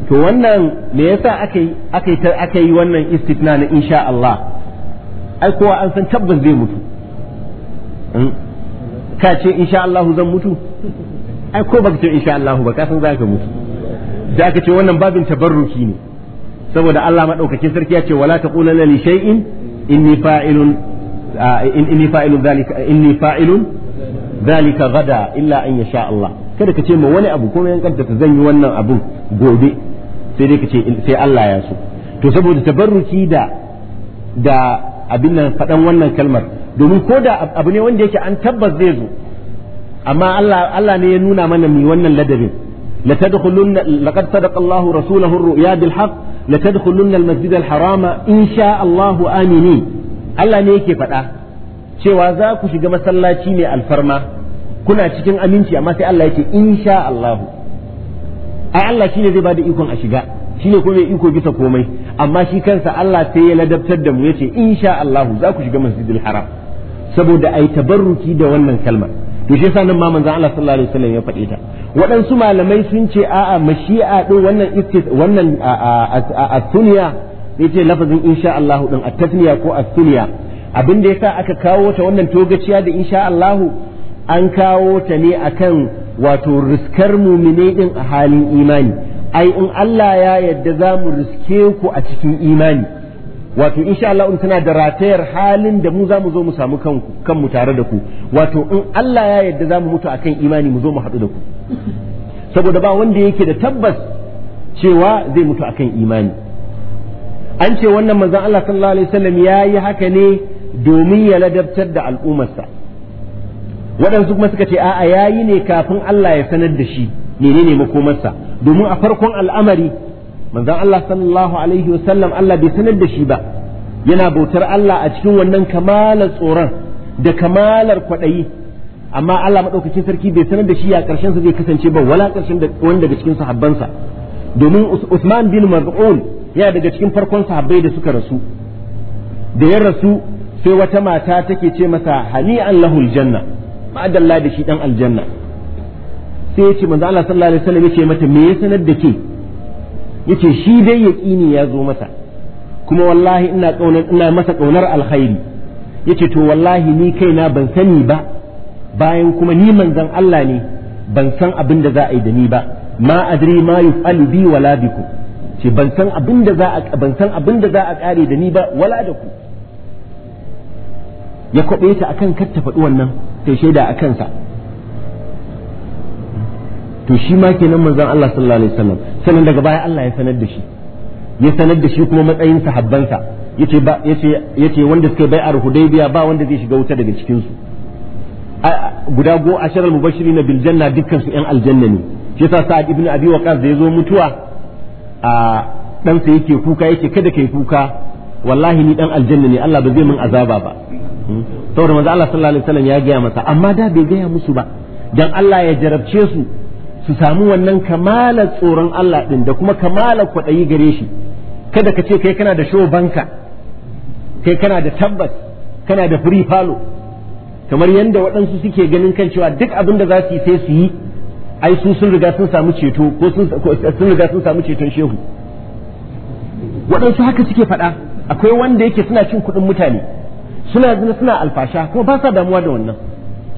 to wannan me yasa aka yi wannan istitna na insha Allah ai kowa an san tabbas zai mutu hmm? ka ce insha Allah zan mutu ai ko baka ce insha Allah ba ka san zaka mutu da aka ce wannan babin tabarruki ne saboda Allah madaukakin sarki ya ce wala taqulanna li shay'in inni fa'ilun inni fa'ilun zalika inni fa'ilun zalika gada illa an yasha Allah kada ka ce ma wani abu kuma yan kanta zan yi wannan abu gobe sai dai ka ce sai Allah ya so to saboda tabarruki da da abin nan faɗan wannan kalmar domin ko da abu ne wanda yake an tabbas zai zo amma Allah Allah ne ya nuna mana mi wannan ladabin la tadkhulunna laqad sadaqa Allahu rasulahu ar-ru'ya bil haqq la tadkhulunna al-masjid al-harama insha Allahu Allah ne yake faɗa cewa za ku shiga masallaci mai alfarma kuna cikin aminci amma sai Allah yake insha Allahu ai Allah shine zai bada ikon a shiga shine kuma mai iko bisa komai amma shi kansa Allah sai ya ladabtar da mu yace insha Allahu za ku shiga masjidil haram saboda ai tabarruki da wannan kalmar to shi yasa nan ma manzon Allah sallallahu alaihi wasallam ya faɗe ta waɗansu malamai sun ce a'a mashi'a do wannan istis wannan as-sunya yace lafazin insha Allah din at-tasniya ko as-sunya abin da yasa aka kawo ta wannan togaciya da insha Allah an kawo ta ne akan wato riskar mumine din a halin imani ai in Allah ya yadda za mu riske ku a cikin imani wato insha Allah in tana da ratayar halin da mu mu zo mu samu kanku kanmu tare da ku wato in Allah ya yarda mu mutu akan imani mu zo mu haɗu da ku saboda ba wanda yake da tabbas cewa zai mutu akan imani an ce wannan manzon Allah sallallahu alaihi wasallam ya yi haka ne domin ya ladabtar da al'ummarsa waɗansu kuma suka ce a'a yayi ne kafin Allah ya sanar da shi menene makomarsa domin a farkon al'amari manzan Allah sallallahu alaihi wasallam Allah bai sanar da shi ba yana bautar Allah a cikin wannan kamalar tsoron da kamalar kwaɗayi amma Allah maɗaukacin sarki bai sanar da shi a ƙarshen zai kasance ba wala ƙarshen da wanda daga cikin sahabbansa domin Usman bin Maz'un yana daga cikin farkon sahabbai da suka rasu da ya rasu sai wata mata take ce masa hani'an lahul janna ma'adalla da shi dan aljanna sai ya ce manzo Allah sallallahu alaihi wasallam ya ce mata me ya sanar da ke yace shi dai yaqini ya zo masa kuma wallahi ina kaunar ina masa kaunar alkhairi yace to wallahi ni kaina ban sani ba bayan kuma ni manzon Allah ne ban san abin da za a yi da ni ba ma adri ma yuf'alu bi wala biku. ce ban san abin da za a ban san abin da za a kare da ni ba wala da ku ya kwabe ta akan kattafa ta faɗi wannan sai shaida a sa. to shi ma kenan manzon Allah sallallahu alaihi wasallam sannan daga baya Allah ya sanar da shi ya sanar da shi kuma matsayin sahabbansa yace ba yace yace wanda suka bai'ar Hudaybiya ba wanda zai shiga wuta daga cikin su guda go asharal mubashirin bil janna dukkan su yan aljanna ne shi yasa Sa'ad ibn Abi waqas da yazo mutuwa a dan sa yake kuka yake kada kai kuka wallahi ni dan aljanna ne Allah ba zai min azaba ba saboda manzo Allah sallallahu alaihi wasallam ya gaya masa amma da bai gaya musu ba dan Allah ya jarabce su su samu wannan kamala tsoron Allah ɗin da kuma kamala kwaɗayi gare shi kada ka ce kai kana da show banka kai kana da tabbas kana da free falo kamar yadda waɗansu suke ganin kan cewa duk abin da za su yi sai su yi ai su sun riga sun samu ceto ko sun riga sun samu ceton shehu waɗansu haka suke faɗa akwai wanda yake suna cin kuɗin mutane suna zina suna alfasha kuma ba sa damuwa da wannan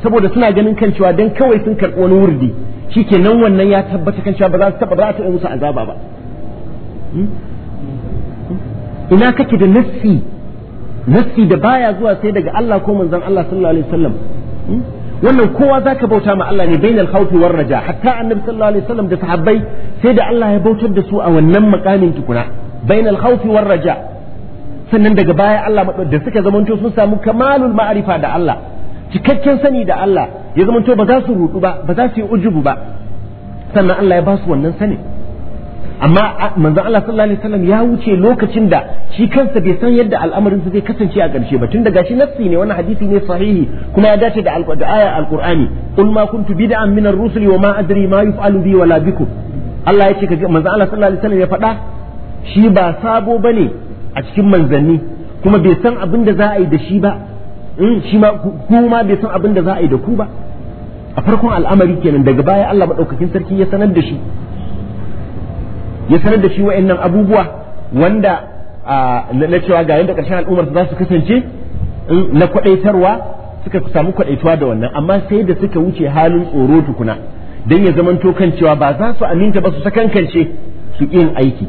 saboda suna ganin kan cewa don kawai sun karɓi wani wurdi nan wannan ya tabbata kan cewa ba za su taba za ta musu azaba ba hmm? ina kake da nassi nassi da baya zuwa sai daga Allah ko manzon Allah sallallahu alaihi wasallam hmm? wannan kowa zaka bauta ma Allah ne bainal khawfi war raja hatta annabi sallallahu alaihi wasallam da sahabbai sai da Allah ya bautar da su a wannan makamin tukuna bainal khawfi war raja sannan daga baya Allah da suka zamanto sun samu kamalul ma'arifa da Allah cikakken sani da Allah ya zama to ba za su rudu ba ba za su yi ujubu ba sannan Allah ya ba su wannan sani amma manzon Allah sallallahu alaihi wasallam ya wuce lokacin da shi kansa bai san yadda al'amarin su zai kasance a ƙarshe ba tun daga shi nassi ne wannan hadisi ne sahihi kuma ya dace da aya alqur'ani qul ma kuntu bid'an min ar-rusuli wa ma adri ma yuf'alu bi wala bikum Allah ya ce ka manzon Allah sallallahu alaihi wasallam ya faɗa shi ba sabo bane a cikin manzanni kuma bai san abin da za a yi da shi ba in eh, shi ma ku ma bai san abin da za a yi da ku ba a farkon al'amari kenan daga baya Allah madaukakin sarki ya sanar da shi ya sanar da shi wa'annan abubuwa wanda na cewa ga yadda ƙarshen al'ummar za su kasance na kwadaitarwa suka samu kwaɗaituwa da wannan amma sai da suka wuce halin tsoro tukuna dan ya zamanto kan cewa ba za su aminta ba su sakankance su yin aiki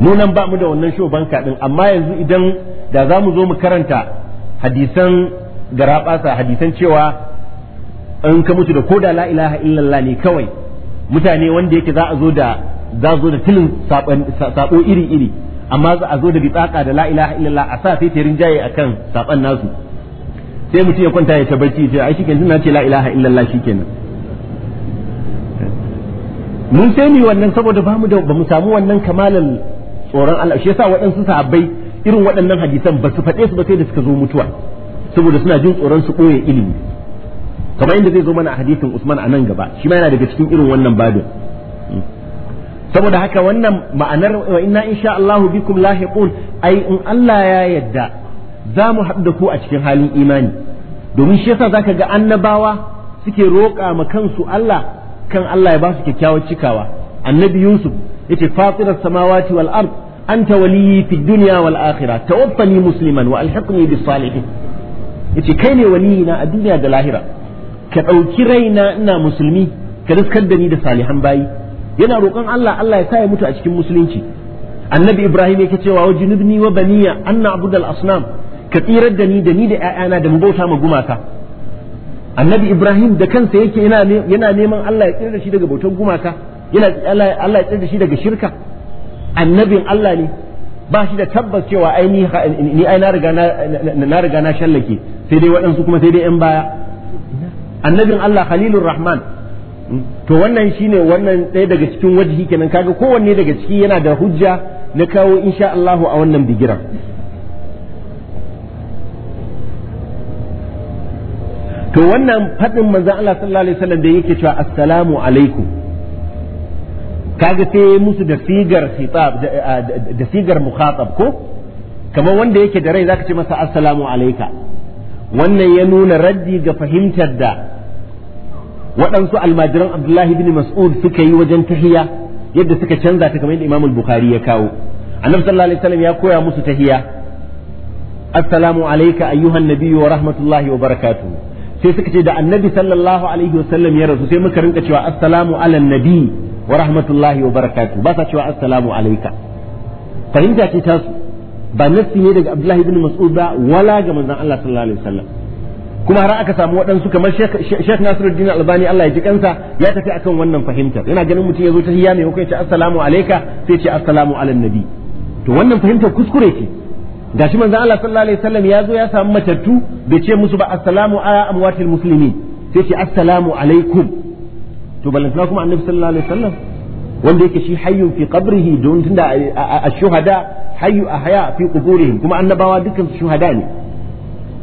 nunan hmm. ba mu da wannan shoban kaɗin amma yanzu idan da za mu zo mu karanta hadisan garaɓasa hadisan cewa in ka mutu da koda la ilaha illallah ne kawai mutane wanda yake za a zo da za zo da tilin sabo iri iri amma za a zo da bitsaka da la ilaha illallah a sa sai ta jaye akan saban nasu sai mutum ya kwanta ya ta barci ya ce ai shikenan na ce la ilaha illallah shikenan mun sai ni wannan saboda bamu da bamu samu wannan kamalan tsoron Allah shi yasa waɗansu sahabbai irin waɗannan hadisan ba su faɗe su ba sai da suka zo mutuwa saboda suna jin tsoron su ɓoye ilimi kamar inda zai zo mana a hadisin Usman a nan gaba shi ma yana daga cikin irin wannan babin saboda haka wannan ma'anar wa inna insha Allahu bikum lahiqun ai in Allah ya yadda za mu haɗu da ku a cikin halin imani domin shi yasa zaka ga annabawa suke roƙa ma kansu Allah kan Allah ya ba su kyakkyawar cikawa annabi Yusuf yace fatirar samawati wal ard anta waliyyi fid dunya wal akhirah tawaffani musulman wa alhiqni bis salihin yace kai ne waliyina a duniya da lahira ka ɗauki raina ina musulmi ka riskar da ni da salihan bayi yana roƙon Allah Allah ya sa ya mutu a cikin musulunci annabi ibrahim yake cewa wa junubni wa baniya anna abudal asnam ka tsirar da ni da ni da ƴaƴana da mu bauta ma gumaka annabi ibrahim da kansa yake yana neman Allah ya tsirar da shi daga bautar gumaka yana Allah ya tsirar da shi daga shirka annabin Allah ne ba shi da tabbas cewa ai ni ni ai na riga na riga na shallake sai dai waɗansu kuma sai dai yan baya annabin Allah khalilur rahman to wannan shine wannan ɗaya daga cikin wajhi kenan kaga kowanne daga ciki yana da hujja na kawo insha Allahu a wannan bigiran to wannan faɗin manzon Allah sallallahu alaihi wasallam da yake cewa assalamu alaikum kaga sai musu da sigar hitab da sigar mukhatab ko kamar wanda yake da rai zaka ce masa assalamu alayka wannan ya nuna raddi ga fahimtar da waɗansu almajiran Abdullahi bin Mas'ud suka yi wajen tahiya yadda suka canza ta kamar yadda Imam Bukhari ya kawo Annabi sallallahu alaihi wasallam ya koya musu tahiya assalamu alayka ayyuhan nabiyyu wa rahmatullahi wa barakatuh sai suka ce da Annabi sallallahu alaihi wasallam ya rasu sai muka rinka cewa assalamu alan nabi wa rahmatullahi wa barakatuh ba sa cewa assalamu alayka fahimta ce ta su ba nassi ne daga Abdullahi ibn Mas'ud ba wala ga manzon Allah sallallahu alaihi wasallam kuma har aka samu waɗansu kamar Sheikh Nasiruddin Albani Allah ya ji kansa ya tafi akan wannan fahimtar yana ganin mutum ya zo ta hiya mai hukunci ce assalamu alayka sai ce assalamu ala nabi to wannan fahimtar kuskure ce gashi manzo Allah sallallahu alaihi wasallam ya zo ya samu matattu da ce musu ba assalamu ala amwatil muslimin sai ce assalamu alaikum to balantana kuma annabi sallallahu alaihi wasallam wanda yake shi hayyun fi qabrihi don tunda ash-shuhada hayyu ahya fi quburihim kuma annabawa dukkan su shuhada ne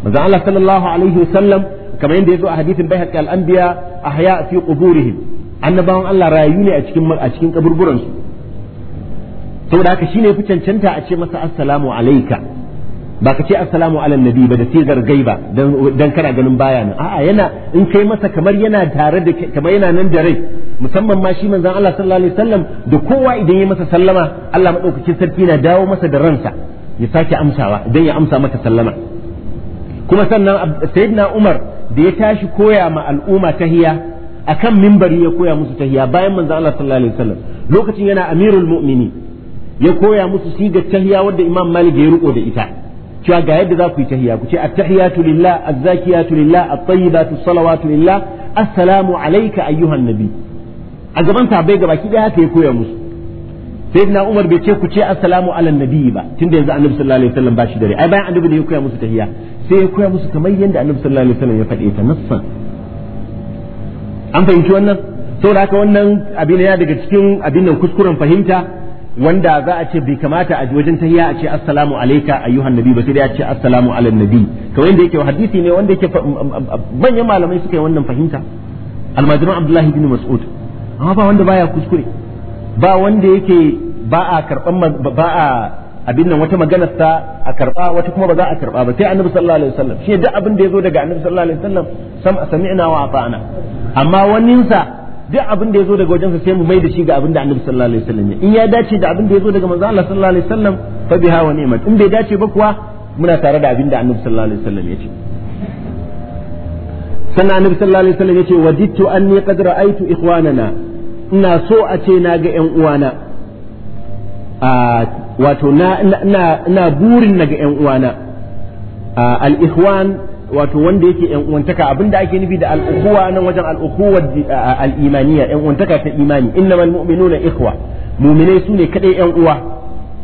manzo Allah sallallahu alaihi wasallam kamar yadda yazo a hadithin bayhaqi al-anbiya ahya fi quburihim annabawan Allah rayu ne a cikin a cikin kaburburan su saboda haka shine fi cancanta a ce masa assalamu alayka ba ka ce assalamu ala nabi ba da sigar gaiba dan kana ganin baya nan a'a yana in kai masa kamar yana tare da kamar yana nan da rai musamman ma shi manzon Allah sallallahu alaihi wasallam da kowa idan ya masa sallama Allah madaukakin sarki na dawo masa da ransa ya sake amsawa dan ya amsa mata sallama kuma sannan sayyidina Umar da ya tashi koya ma al'umma tahiya akan mimbar ya koya musu tahiya bayan manzo Allah sallallahu alaihi wasallam lokacin yana amirul mu'mini ya koya musu sigar tahiya wadda Imam Malik ya riko da ita cewa ga yadda za ku yi tahiyya ku ce attahiyatu lillah az lillah at-tayyibatu salawatu lillah assalamu alayka ayyuhan nabi a gaban gaba ki daya kai ya koya musu sayyidina umar bai ce ku ce assalamu ala nabi ba tunda yanzu annabi sallallahu alaihi wasallam bashi dare ai bayan annabi ne ya koya musu tahiyya sai ya koya musu kamar yadda annabi sallallahu alaihi wasallam ya fade ta nassan an fahimci wannan saboda haka wannan abin ya daga cikin abin nan kuskuren fahimta wanda za a ce bai kamata a wajen tahiya a ce assalamu alayka ayyuhan nabi ba sai dai a ce assalamu ala nabi to wanda yake hadisi ne wanda yake manyan malamai suka yi wannan fahimta almajirin abdullahi bin mas'ud amma ba wanda baya kuskure ba wanda yake ba a karban ba a abin nan wata maganar sa a karba wata kuma ba za a karba ba sai annabi sallallahu alaihi wasallam shi duk abin da zo daga annabi sallallahu alaihi wasallam sam sami'na wa ata'na amma waninsa duk abin da ya zo daga wajensa sai mu mai da shi ga abin da annabi sallallahu alaihi wasallam in ya dace da abin da ya zo daga manzo Allah sallallahu alaihi wasallam fa biha wa ni'mat in bai dace ba kuwa muna tare da abin da annabi sallallahu alaihi wasallam ya ce sannan annabi sallallahu alaihi wasallam ya ce wajidtu anni qad ra'aytu ikhwanana ina so a ce na ga ƴan uwana a wato na na na burin na ga ƴan uwana al ikhwan wato wanda yake yan uwantaka abinda ake nufi da al'ukuwa nan wajen al'ukuwa al'imaniya yan uwantaka ta imani innamal mu'minuna ikhwa mu'minai sune kadai yan uwa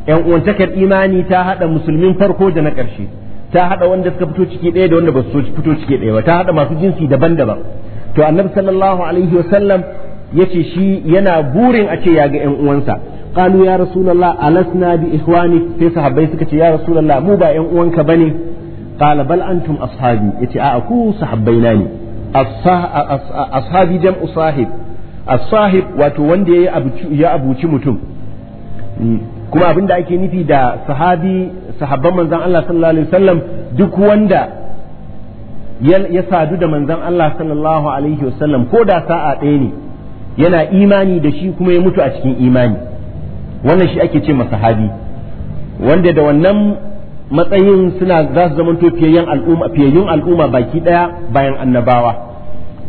yan uwantakar imani ta hada musulmin farko da na karshe ta hada wanda suka fito ciki ɗaya da wanda ba su fito ciki ɗaya ba ta hada masu jinsi daban-daban to annabi sallallahu alaihi wasallam yace shi yana burin a ce ya ga yan uwansa qalu ya rasulullah alasna bi ikhwani sai sahabbai suka ce ya rasulullah mu ba yan uwanka ne. qala bal antum ashabi yace a ku sahabbaina ne ashabi jam'u sahib as-sahib wato wanda ya ya abuci mutum kuma abin da ake nufi da sahabi sahabban manzan Allah sallallahu alaihi wasallam duk wanda ya sadu da manzan Allah sallallahu alaihi wasallam ko da sa'a ɗaya ne yana imani da shi kuma ya mutu a cikin imani wannan shi ake ce sahabi wanda da wannan matsayin suna za su zamanto fiyayyen al'umma fiyayyun al'umma baki daya bayan annabawa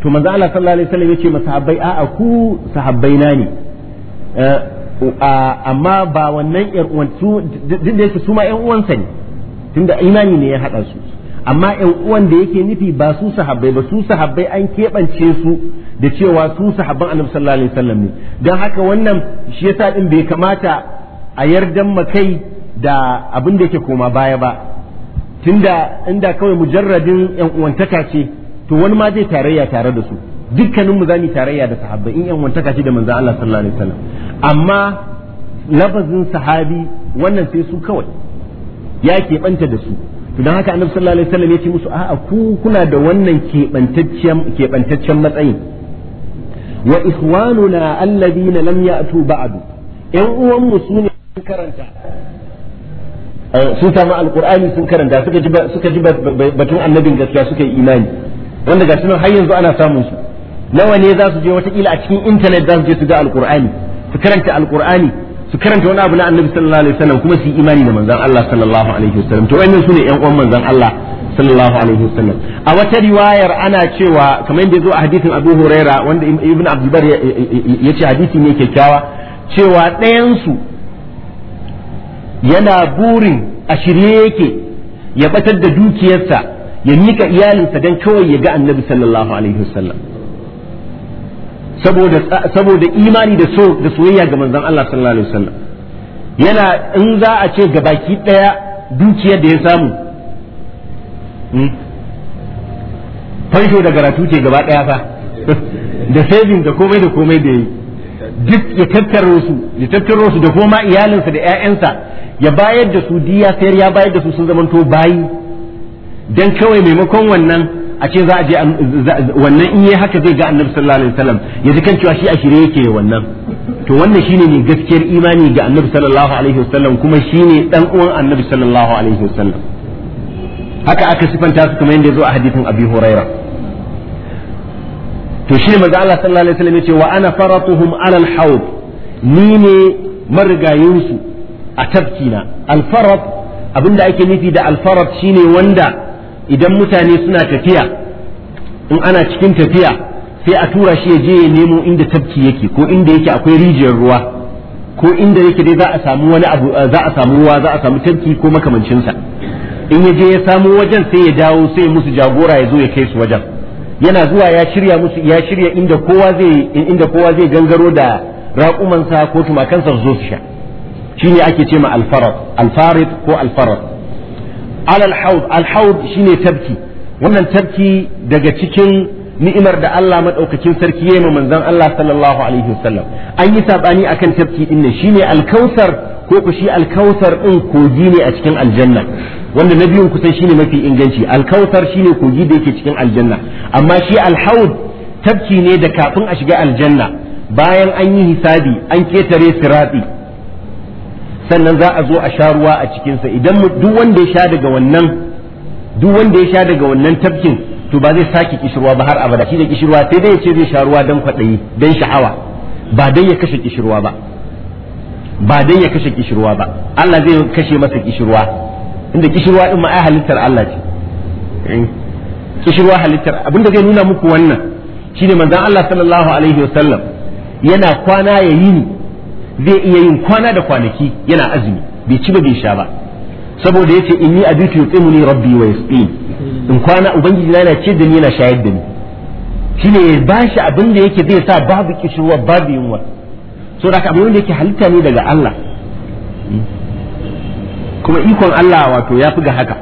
to manzo Allah sallallahu alaihi wasallam yace masahabbai a'a ku sahabbai na ne eh, amma ba wannan yar uwan su din da yake su ma uwan uwansa ne tunda imani ne ya hada su amma 'yan uwan da yake nufi ba su sahabbai ba su sahabbai an keɓance su da cewa su sahabban annabi sallallahu alaihi wasallam ne don haka wannan shi yasa din bai kamata a yardan makai da abin da yake koma baya ba tunda inda kawai mujarradin yan uwantaka ce to wani ma zai tarayya tare da su dukkanin mu zamu tarayya da sahabbai in yan uwantaka ce da manzo Allah sallallahu alaihi wasallam amma lafazin sahabi wannan sai su kawai ya keɓanta da su to don haka annabi sallallahu alaihi wasallam ya ce musu a'a ku kuna da wannan keɓantaccen keɓantaccen matsayin wa ikhwanuna alladhina lam ya'tu ba'du yan uwan mu sune karanta Eh, sun samu alkur'ani sun karanta suka ji suka ji batun annabin gaskiya suka yi imani wanda ga sunan har yanzu ana samun su nawa ne za su je watakila a cikin intanet za su je su ga alkur'ani su karanta alkur'ani su karanta wani abu na annabi sallallahu alaihi wasallam kuma su yi imani da manzon Allah sallallahu alaihi wasallam to wannan sune yan uwan manzon Allah sallallahu alaihi wasallam a wata riwayar ana cewa kamar yadda zo a hadisin Abu Huraira wanda Ibn Abdulbar yace hadisi ne kyakkyawa cewa ɗayan su yana burin a shirye yake ya batar da dukiyarsa ya mika iyalinsa don kawai ya ga annabi sallallahu alaihi wasallam saboda saboda imani da so da soyayya ga manzon Allah sallallahu alaihi wasallam yana in za a ce ga baki daya dukiyar da ya samu hmm? fansho da garatu ce gaba daya fa da saving da komai da komai da yi duk ya tattaro su ya tattaro su da kuma iyalinsa da 'ya'yansa ya bayar da su diya sayar ya bayar da su sun zamanto bayi dan kawai maimakon wannan a ce za a je wannan in yayi haka zai ga annabi sallallahu alaihi wasallam ya ji kan cewa shi a shirye yake wannan to wannan shine ne gaskiyar imani ga annabi sallallahu alaihi wasallam kuma shine dan uwan annabi sallallahu alaihi wasallam haka aka sifanta su kamar yadda ya zo a hadithin abi huraira to shine manzo Allah sallallahu alaihi wasallam ya ce wa ana faratuhum ala al-hawd ni ne su. a tafkina alfarad abinda ake nufi da alfarad shine wanda idan mutane suna tafiya in ana cikin tafiya sai a tura shi ya je ya nemo inda tafki yake ko inda yake akwai rijiyar ruwa ko inda yake dai za a samu wani abu eh, za a samu ruwa za a samu tafki ko makamancinsa in ya je ya samu wajen sai ya dawo sai musu jagora ya zo ya kai su wajen yana zuwa ya shirya musu ya shirya inda kowa zai inda kowa zai gangaro da raƙumansa ko tumakansa su zo su sha shine ake ce ma alfarad alfarid ko alfarad alal haud alhaud shine tabki wannan tabki daga cikin ni'imar da Allah madaukakin sarki yayi ma manzon Allah sallallahu alaihi wasallam an yi sabani akan tabki din ne shine alkausar ko ku shi alkausar din kogi ne a cikin aljanna wanda na biyun kusan shine mafi inganci alkausar shine kogi da yake cikin aljanna amma shi alhaud tabki ne da kafin a shiga aljanna bayan an yi hisabi an ketare sirati sannan za a zo a sha ruwa a cikinsa idan duk wanda ya sha daga wannan duk wanda ya sha daga wannan tafkin to ba zai sake kishirwa ba har abada shi da kishirwa sai dai ya ce zai sha ruwa don kwaɗayi don sha'awa ba dai ya kashe kishirwa ba ba dai ya kashe kishirwa ba Allah zai kashe masa kishirwa inda kishirwa din ma ai halittar Allah ce eh? kishirwa halittar abinda zai nuna muku wannan shine manzon Allah sallallahu alaihi wasallam yana kwana ya yini zai iya yin kwana da kwanaki yana azumi bai ci ba bai sha ba saboda yace inni abitu yuqimuni rabbi wa yasqin in kwana ubangiji na yana ce da ni yana shayar da ni shine ya bashi abin da yake zai sa babu kishirwa babu yunwa so da abin da yake halitta ne daga Allah kuma ikon Allah wato ya fi ga haka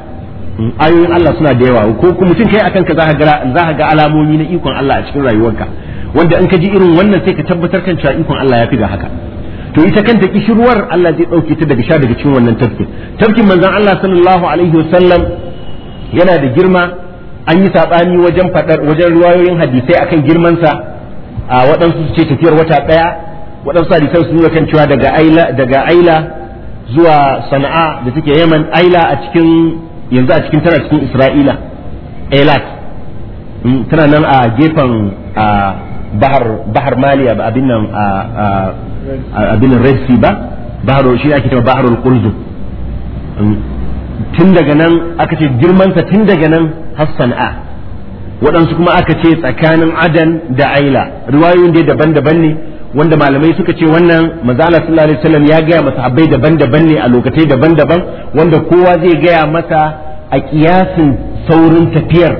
ayoyin Allah suna da yawa ko kuma mutum kai akan ka za ka ga alamomi na ikon Allah a cikin rayuwarka wanda in ka ji irin wannan sai ka tabbatar kan cewa ikon Allah ya fi ga haka to ita kanta kishirwar Allah zai ɗauke ta daga sha daga cikin wannan tafkin tafkin manzon Allah sallallahu alaihi wasallam yana da girma an yi saɓani wajen faɗar wajen riwayoyin hadisai akan girmansa a waɗansu su ce tafiyar wata ɗaya waɗansu hadisan su nuna kan cewa daga aila daga aila zuwa sana'a da take yaman aila a cikin yanzu a cikin tana cikin isra'ila eilat hmm, tana nan a gefen a bahar bahar maliya ba abin nan abin nan red sea ba bahar shi ake cewa baharul qulzum tun daga nan aka ce sa tun daga nan har sana'a waɗansu kuma aka ce tsakanin adan da aila riwayoyin dai daban-daban ne wanda malamai suka ce wannan mazala sallallahu alaihi wasallam ya gaya masa habbai daban-daban ne a lokacai daban-daban wanda kowa zai gaya masa a kiyasin saurin tafiyar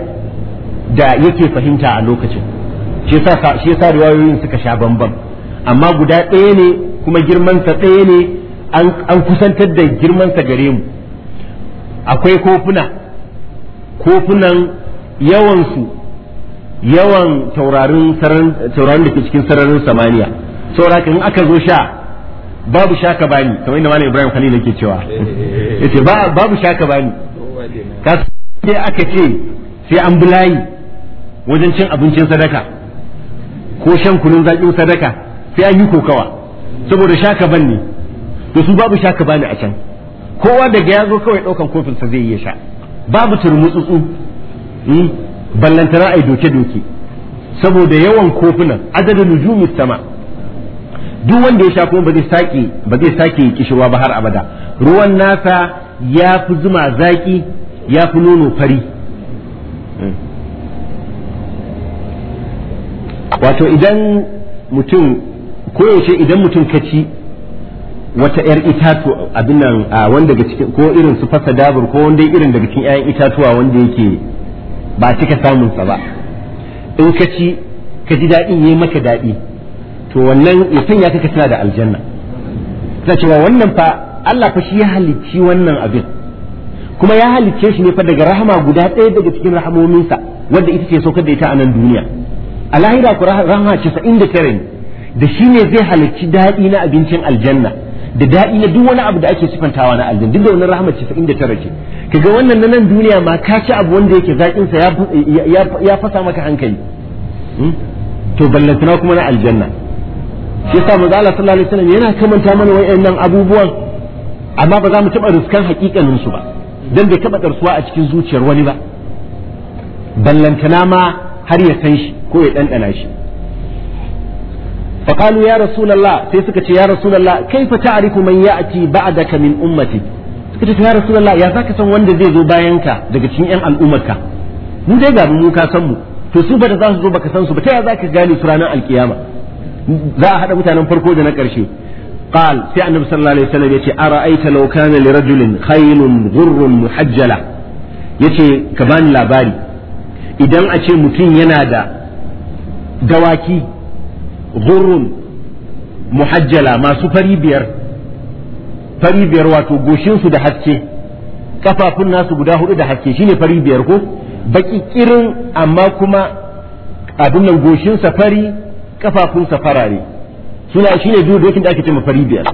da yake fahimta a lokacin shi yasa shi yasa riwayoyin suka sha bambam amma guda ɗaya ne kuma girman sa ɗaya ne an kusantar da girman sa gare mu akwai kofuna kofunan yawan su yawan taurarin taurarin da ke cikin sararin samaniya saboda in aka zo sha babu shaka bani kamar inda malam Ibrahim Khalil yake cewa yace babu shaka bani kasu sai aka ce sai an bulayi wajen cin abincin sadaka ko shan kunun zaƙin sadaka sai an yi kokawa saboda shaka ban ne to su babu shaka bani a can kowa daga ya zo kawai ɗaukan kofin sa zai iya sha babu turmutsutsu hmm, ballantana ai doke-doke saboda yawan kofunan adadin nujumi sama duk wanda ya sha kuma ba zai sake ba zai sake kishirwa ba har abada ruwan nasa ya fi zuma zaƙi ya fi nono fari wato idan mutum koyaushe idan mutum ka ci wata 'yar itatu abin nan a wanda daga cikin ko irin su fasa dabur ko wanda irin daga cikin 'ya'yan itatuwa wanda yake ba cika samun sa ba in ka ci ka ji daɗin yayi maka daɗi to wannan ya sanya ka tana da aljanna ta cewa wannan fa Allah fa shi ya halicci wannan abin kuma ya halicce shi ne fa daga rahama guda ɗaya daga cikin rahamominsa wadda ita ce saukar da ita a nan duniya a lahira ku rahama casa'in da tare da shi ne zai halarci daɗi na abincin aljanna da daɗi na duk wani abu da ake sifantawa na aljanna duk da wannan rahama casa'in da tare ce kaga wannan na nan duniya ma ka ci abu wanda yake zaƙinsa ya fasa maka hankali hmm? to ballantana kuma na aljanna shi yasa manzo Allah sallallahu alaihi wasallam yana kamanta mana wayannan abubuwan amma ba za mu taba riskan hakikanin su ba dan bai taɓa darsuwa a cikin zuciyar wani ba ballantana ma har ya san shi ko ya ɗanɗana shi faƙalu ya rasulallah sai suka ce ya rasulallah kai fa ta'rifu man ya'ti ba'daka min ummati suka ce ya rasulallah ya zaka san wanda zai zo bayan ka daga cikin yan al'ummarka mu dai ga mu ka san mu to su ba da za su zo baka san su ba ta ya zaka gane su ranar alkiyama za a hada mutanen farko da na ƙarshe قال في النبي صلى الله عليه وسلم يتي أرأيت لو كان لرجل خيل غر محجلة يتي كبان لاباري idan a ce mutum yana da dawaki gurrun muhajjala masu fari biyar fari biyar wato goshinsu da haske kafafun nasu guda hudu da haske shine fari biyar ko baki kirin amma kuma abin nan goshinsa fari kafafunsa farare suna shine duk dokin da ake cewa fari biyar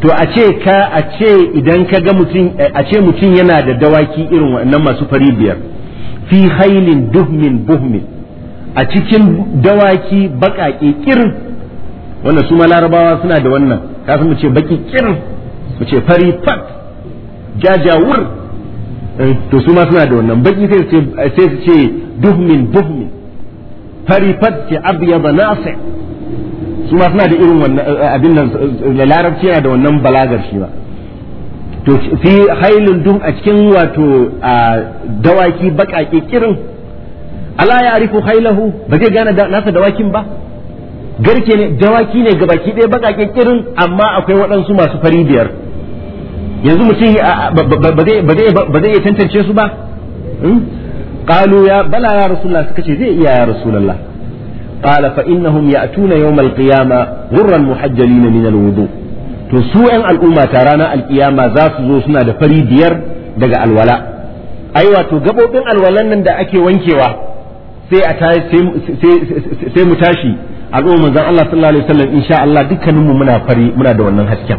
to a ce ka a ce idan ka ga mutum a ce mutum yana da dawaki irin waɗannan masu fari biyar fi hailin duhmin buhmin a cikin dawaki baƙaƙe kirin wannan su ma larabawa suna da wannan kasan mu ce baki kirin mu ce fari fat jajawur eh, to su ma suna da wannan baki sai su ce duhmin buhmin fari fat ce abyada nasi su ma suna da irin wannan eh, abin nan eh, larabci yana da wannan balagar shi ba to fi hailun dum a cikin wato dawaki bakake kirin ala ya arifu hailahu ba zai gane nasa dawakin ba garke ne dawaki ne gabaki ɗaya bakake kirin amma akwai waɗansu masu fari biyar yanzu mutum ba zai iya tantance su ba قالوا يا بلى يا رسول الله سكتي زي يا رسول الله قال فإنهم يأتون يوم القيامة غرا محجلين من الوضوء to su yan al'umma ta rana alƙiyama za su zo suna da fari biyar daga alwala ai wato gabobin alwalan nan da ake wankewa sai a sai mu tashi al'umma zan Allah sallallahu alaihi wasallam insha Allah dukkanin mu muna fari muna da wannan hasken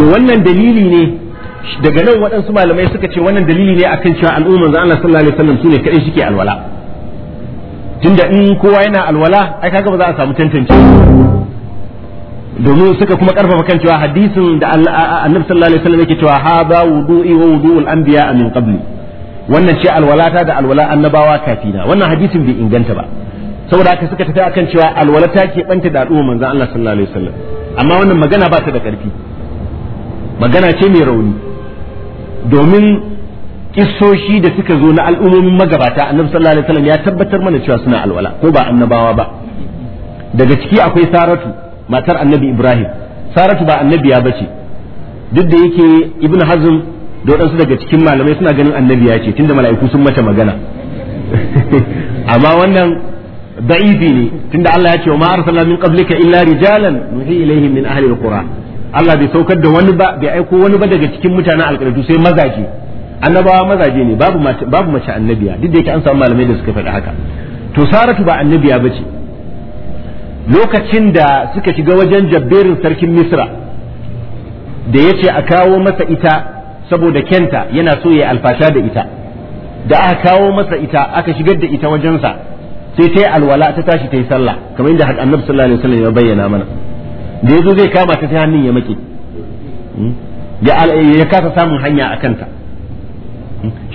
to wannan dalili ne daga nan waɗansu malamai suka ce wannan dalili ne akan cewa al'umma zan Allah sallallahu alaihi wasallam sune kadai suke alwala tunda in kowa yana alwala ai kaga ba za a samu tantance domin suka kuma karfafa kan cewa hadisin da annabi sallallahu alaihi wasallam yake cewa ba wudu'i wa wudu'ul anbiya min qabli wannan ce alwalata da alwala annabawa kafina wannan hadisin bai inganta ba saboda haka suka tafi akan cewa alwalata ke banta da al'umma manzon Allah sallallahu alaihi wasallam amma wannan magana ba ta da karfi magana ce mai rauni domin kissoshi da suka zo na al'ummomin magabata annabi sallallahu alaihi wasallam ya tabbatar mana cewa suna alwala ko ba annabawa ba daga ciki akwai saratu matar annabi ibrahim saratu ba annabiya bace duk da yake ibnu hazm da wadansu daga cikin malamai suna ganin annabiya ce tunda mala'iku sun mata magana amma wannan da'ifi ne tunda Allah ya ce wa ma arsalna min qablika illa rijalan nuhi ilaihim min ahli alqura Allah bai saukar da wani ba bai aiko wani ba daga cikin mutanen alƙarfi sai mazaje annabawa mazaje ne babu babu mace annabiya duk da yake an samu malamai da suka faɗi haka to saratu ba annabiya bace lokacin da suka shiga wajen jabberin sarkin misra da ya ce a kawo masa ita saboda kenta yana so ya alfasha da ita da aka kawo masa ita aka shigar da ita wajensa sai ta yi alwala ta tashi ta yi sallah kamar yadda annabi sallallahu alaihi wasallam ya bayyana mana da yazo zai kama ta ta hannun ya make hmm? ya kasa samun hanya a kanta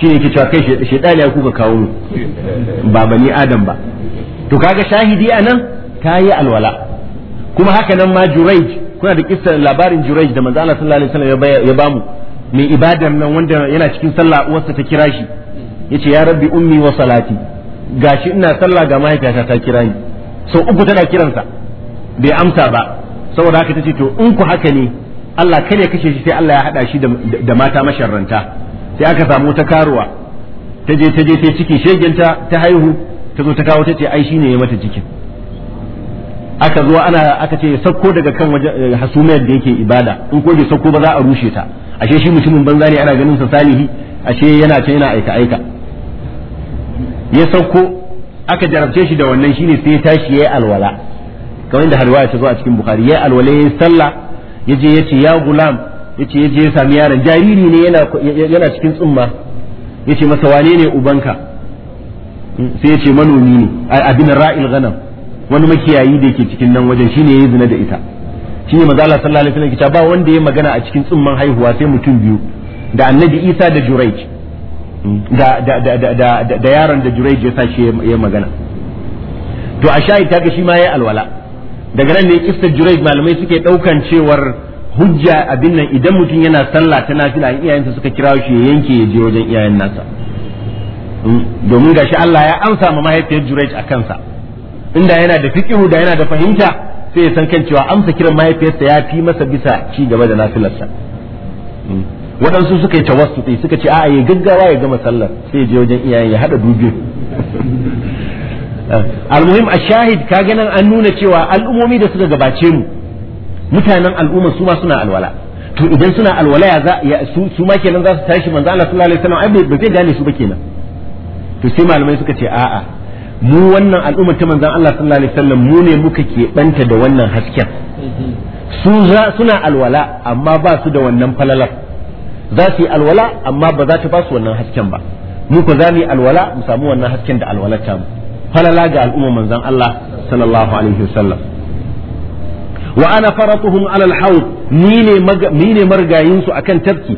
shi ne ke cewa kai shaidani ya kuka kawo mu ba bani adam ba to kaga shahidi a nan ta yi alwala kuma haka nan ma juraij kuna da kissa labarin juraij da manzo Allah sallallahu alaihi wasallam ya bamu mai ibadar nan wanda yana cikin sallah uwarsa ta kira shi yace ya rabbi ummi wa salati gashi ina sallah ga mahaifiyata ta kira ni sau uku tana kiransa bai amsa ba saboda haka ta ce to in ku haka ne Allah kare kashe shi sai Allah ya hada shi da mata masharranta sai aka samu ta karuwa ta je ta je ta ciki shegen ta haihu ta zo ta kawo ta ce ai shine ya mata cikin aka zo ana aka ce sakko daga kan eh, hasumiyar da yake ibada in ko sauko ba za a rushe ta ashe shi mutumin banza ne ana ganin sa salihi ashe yana ce yana aika aika ya sauko aka jarabce shi da wannan shine sai ya tashi yayi alwala kamar da halwa ta zo a cikin bukhari yayi alwala yayi sallah yaje yace ya gulam yace yaje ya sami yaron jariri ne yana yana cikin tsumma yace masa wane ne ubanka mm, sai yace manomi ne abin ra'il ghanam wani makiyayi da yake cikin nan wajen shine yayi zina da ita shine manzo Allah sallallahu alaihi wasallam ba wanda ya magana a cikin tsumman haihuwa sai mutum biyu da annabi Isa da Juraij mm, da da da da da yaron da Juraij ya sashi ya magana to a shayi ga shi ma yayi alwala daga nan ne kistar Juraij malamai suke daukan cewar hujja abin nan idan mutum yana sallah ta nafila in iyayensa suka kira shi ya yanke ya je wajen iyayen nasa hmm, domin ga shi Allah ya amsa ma mahaifiyar Jurayj a kansa inda yana da fiqihu da yana da fahimta sai ya san kan cewa amsa kiran mahaifiyarsa ya fi masa bisa ci gaba da nafilarsa hmm, waɗansu suka yi tawassuti suka ce a'a ya gaggawa ya gama sallar sai ya je wajen iyayen ya hada dubi ah, almuhim a shahid kaga nan an nuna cewa al'ummomi da suka gabace mu mutanen al'umma su ma suna alwala to idan suna alwala ya su ma kenan za su tashi manzo Allah sallallahu alaihi wasallam ai ba zai gane su ba kenan to sai malamai suka ce a'a mu wannan al'umma ta manzon Allah sallallahu alaihi wasallam mu ne muka ke banta da wannan hasken su suna alwala amma ba su da wannan falalar za su yi alwala amma ba za ta ba su wannan hasken ba mu ko za mu yi alwala mu samu wannan hasken da alwalar ta mu falala ga al'umma manzon Allah sallallahu alaihi wasallam wa ana faratuhum alal haud ni ne ni ne margayin su akan tafki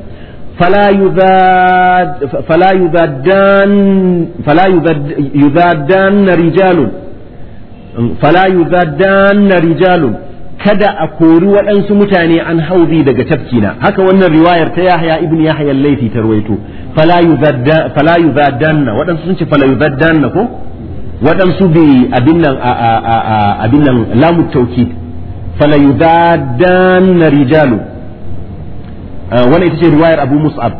fala yubad fala yubadan fala yubadan rijalun fala yubadan rijalun kada a kori waɗansu mutane an hauzi daga tafkina haka wannan riwayar ta yahya ibn yahya laifi ta ruwaito fala yuzaddanna waɗansu sun ce fala yuzaddanna ko waɗansu bi abin nan abin nan lamu tawkid fala yudadanna rijalu wannan ita ce riwayar Abu Mus'ab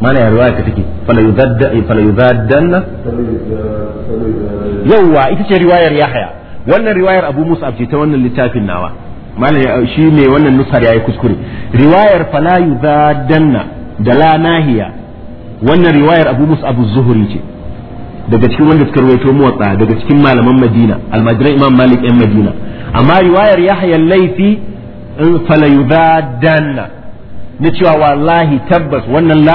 mana riwaya ta take fala yudadda fala yudadanna yawa ita ce riwayar Yahya wannan riwayar Abu Mus'ab ce ta wannan littafin nawa mana shi ne wannan nusar yayi kuskure riwayar fala yudadanna da la nahiya wannan riwayar Abu ce daga cikin wanda suka rawaito muwatsa daga cikin malaman madina almajiran imam malik yan madina amma riwayar yahya laifi in falayudadanna na cewa wallahi tabbas wannan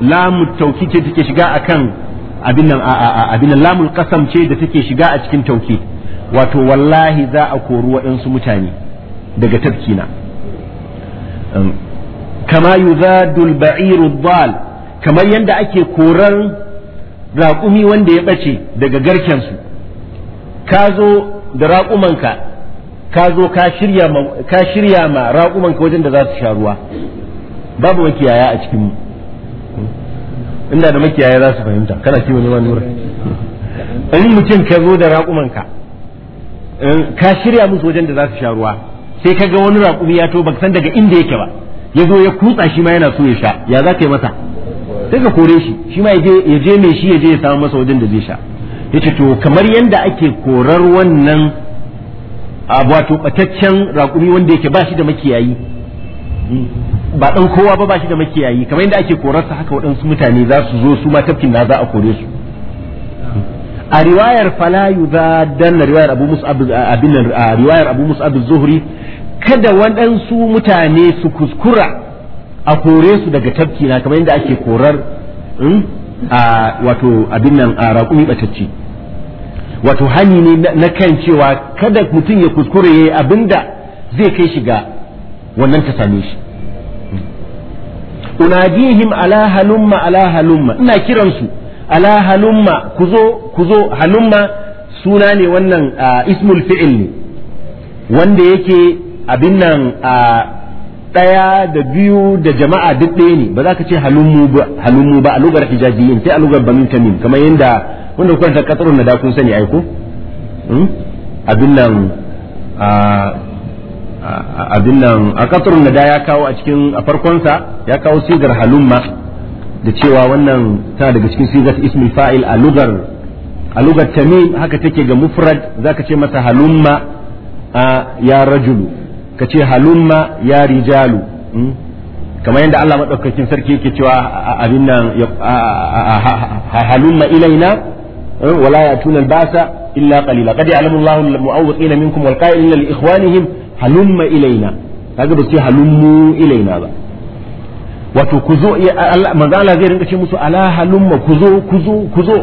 lamu tauki ce take shiga akan abin nan abin nan lamul qasam ce da take shiga a cikin tauki wato wallahi za a kori waɗansu mutane daga tafkina kama yuzadul ba'iru dal kamar yanda ake korar raƙumi wanda ya ɓace daga garkensu ka zo da raƙumanka ka zo ka shirya ma raƙumanka wajen da za su sha ruwa babu makiyaya a cikinmu inda da makiyaya za su fahimta kana kiwo ne wani wurin in mutum ka zo da raƙumanka ka shirya musu wajen da za su sha ruwa sai ka ga wani raƙumi ya to baka san daga inda yake ba ya zo ya kutsa shi ma yana so ya sha ya za ka yi masa sai ka kore shi shi ma ya je mai shi ya je ya samu masa wajen da zai sha yace to kamar yadda ake korar wannan a wato bataccen raƙumi wanda yake ba shi da makiyayi ba ɗan kowa ba ba shi da makiyayi kamar yadda ake korar sa haka waɗansu mutane za su zo su ma tafkin na za a kore su a riwayar fala yuzadan riwayar abu mus'ab abin riwayar abu mus'ab zuhri kada waɗansu mutane su kuskura a kore su daga tafki na kamar yadda ake korar hmm, a wato abin nan a raƙumi ɓatacce wato hani ne na kan cewa kada mutum ya kuskure ya yi abin da zai kai shi ga wannan ta same shi unadihim ala halumma ala halumma ina kiransu ala halumma kuzo kuzo halumma suna ne wannan ismul fi'il ne wanda yake abin nan ɗaya da biyu da jama'a duk ɗaya ne ba za ka ce halummu ba a lugar hijajiyin sai a lugar banu tamim kamar yadda wanda kuka ta katsarun na da kun sani aiko hmm? abin nan a katsarun na da ya kawo a cikin a farkonsa ya kawo sigar halumma da cewa wannan tana daga cikin sigar ismul fa'il a lugar a lugar tamim haka take ga mufrad za ka ce masa halumma ya rajulu ka ce halumma ya rijalu hmm? kamar yadda Allah maɗaukakin sarki yake cewa abin nan halumma ilaina eh, wala ya yatuna albasa illa qalila qad ya'lamu Allahu al-mu'awwiqina minkum wal qa'ilina li ikhwanihim halumma ilaina kaga ba ce halummu ilaina ba wato ku zo manzo Allah zai rinka ce musu ala halumma ku zo ku zo ku zo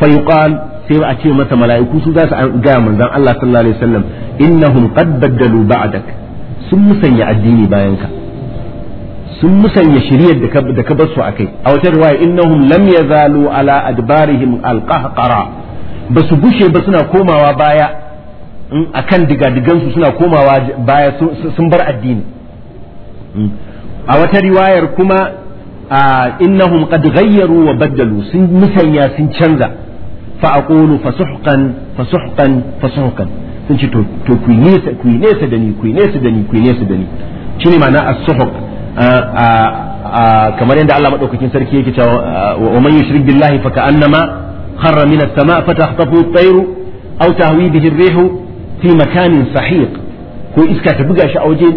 fa yuqal sai ba a ce masa mala'iku su za su gaya manzon Allah sallallahu alaihi wasallam innahum qad baddalu ba'dak sun musanya addini bayan ka sun musanya shiriyar da ka da ka bar su akai a wata riwaya innahum lam yazalu ala adbarihim alqahqara ba su gushe ba suna komawa baya akan digadigan su suna komawa baya sun bar addini hmm. a wata riwayar kuma ah, innahum qad ghayyaru wa baddalu sun musanya sun canza fa aqulu fasuhqan fasuhqan fasuhqan sun ce to to ku nesa nesa da ni ku nesa da ni ku nesa da ni shine ma'ana as-suhq kamar yadda Allah madaukakin sarki yake cewa wa man yushrik billahi fa ka'annama kharra min as-sama' fi makanin sahiq ko iska ta buga shi a waje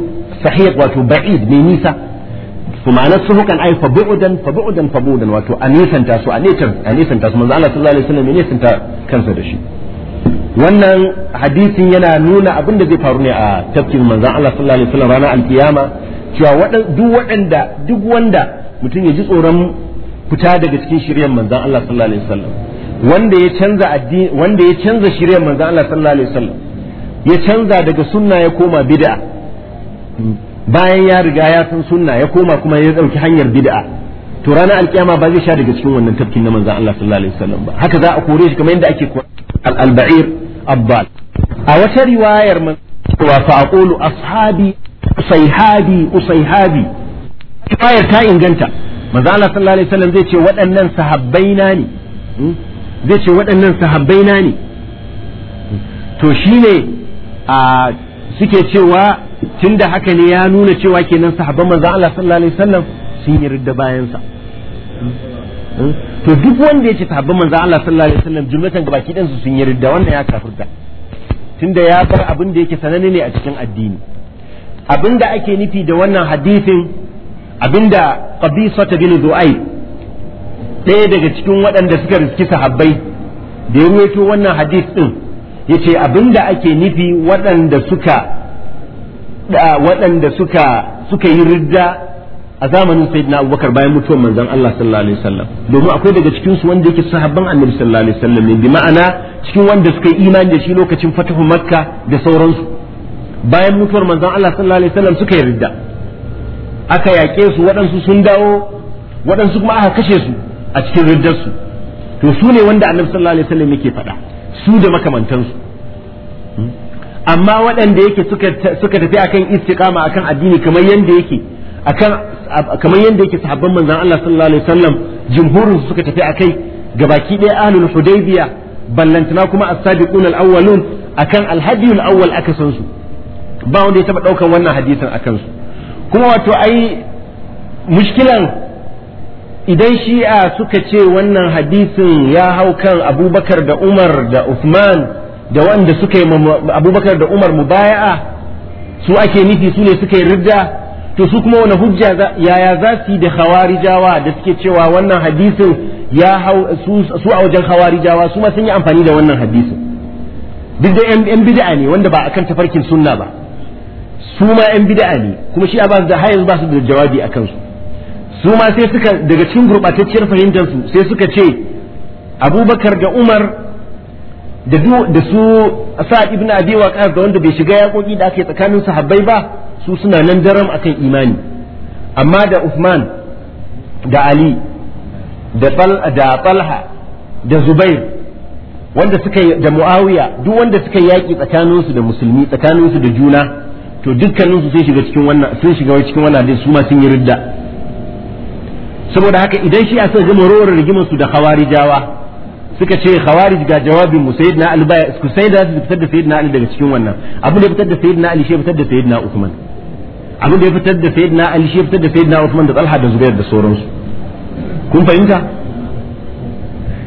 sahiq wato ba'id mai nisa to ma'anar suhukan ai fabu'udan fabu'udan fabu'udan wato a nisanta su a nisan a nisanta su manzo Allah sallallahu alaihi wasallam ya nisanta kansa da shi wannan hadisin yana nuna abin da zai faru ne a tafkin manzon Allah sallallahu alaihi wasallam ranar alkiyama cewa duk waɗanda duk wanda mutum ya ji tsoron fita daga cikin shiryan manzon Allah sallallahu alaihi wasallam wanda ya canza addini wanda ya canza shiryan manzon Allah sallallahu alaihi wasallam ya canza daga sunna ya koma bid'a bayan ya riga ya san sunna ya koma kuma ya ɗauki hanyar bid'a to ranar alkiyama ba zai sha daga cikin wannan tafkin na manzon Allah sallallahu alaihi wasallam ba haka za a kore shi kamar yadda ake al-alba'ir abbal a wata riwayar man wa fa aqulu ashabi usayhabi riwayar ta inganta manzon Allah sallallahu alaihi wasallam zai ce waɗannan sahabbaina ne hmm? zai ce waɗannan sahabbaina ne hmm? to shine a suke cewa Tun da haka ne ya nuna cewa kenan sahabban manzan Allah sallallahu alaihi wasallam sun yi ridda bayan sa hmm? to duk wanda ya ce sahabban manzon Allah sallallahu alaihi wasallam jumlatan ga baki su sun yi ridda wannan ya kafirta da ya bar abin da yake sananne ne a cikin addini abin da ake nufi da wannan hadisin abin da qabisata bin du'ai ɗaya daga cikin waɗanda suka riski sahabbai da ya ruwaito wannan hadis din yace abin da ake nufi waɗanda suka waɗanda suka suka yi ridda a zamanin sayyidina abubakar bayan mutuwar manzon Allah sallallahu alaihi wasallam domin akwai daga cikin su wanda yake sahabban annabi sallallahu alaihi wasallam ne bi ma'ana cikin wanda suka yi imani da shi lokacin fatahu makka da sauransu bayan mutuwar manzon Allah sallallahu alaihi wasallam suka yi ridda aka yaƙe su waɗansu sun dawo waɗansu kuma aka kashe su a cikin riddarsu to su ne wanda annabi sallallahu alaihi wasallam yake faɗa su da makamantansu hmm? amma waɗanda yake suka tafi akan istiqama akan addini kamar yadda yake akan kamar yanda yake sahabban manzon Allah sallallahu alaihi wasallam jumhurin suka tafi akai gabaki ɗaya ahlul hudaybiya ballantana kuma as-sabiqun al-awwalun akan al-hadi al-awwal aka san su ba wanda ya taba daukan wannan hadisin akan su kuma wato ai mushkilan idan shi'a suka ce wannan hadisin ya hau kan abubakar da umar da uthman da wanda suka yi abubakar da umar mubaya'a su ake nufi su ne suka yi ridda to su kuma wani hujja yaya za su yi da hawarijawa da suke cewa wannan hadisin ya hau su a wajen hawarijawa su ma sun yi amfani da wannan hadisin duk da yan bid'a ne wanda ba akan tafarkin sunna ba su ma yan bid'a ne kuma shi ba da har ba su da jawabi a kansu su ma sai suka daga cikin gurɓatacciyar fahimtar su sai suka ce abubakar da umar da su sa'ad ibn abi waqas da wanda bai shiga yaƙoƙi da ake tsakanin sahabbai ba su suna nan daram akan imani amma da Uthman da Ali da da Talha da Zubair wanda suka da Muawiya duk wanda suka yaƙi tsakanin su da musulmi tsakanin su da juna to dukkanin su sun shiga cikin wannan sun shiga cikin wannan hadisi su ma sun yi ridda saboda haka idan shi a suka gama rawar rigimansu da khawarijawa suka ce khawarij ga jawabin mu sayyidina ali baya su da su fitar da sayyidina ali daga cikin wannan abin da ya fitar da sayyidina ali shi fitar da sayyidina usman abin da ya fitar da sayyidina ali shi fitar da sayyidina usman da talha da zubair da sauransu kun fahimta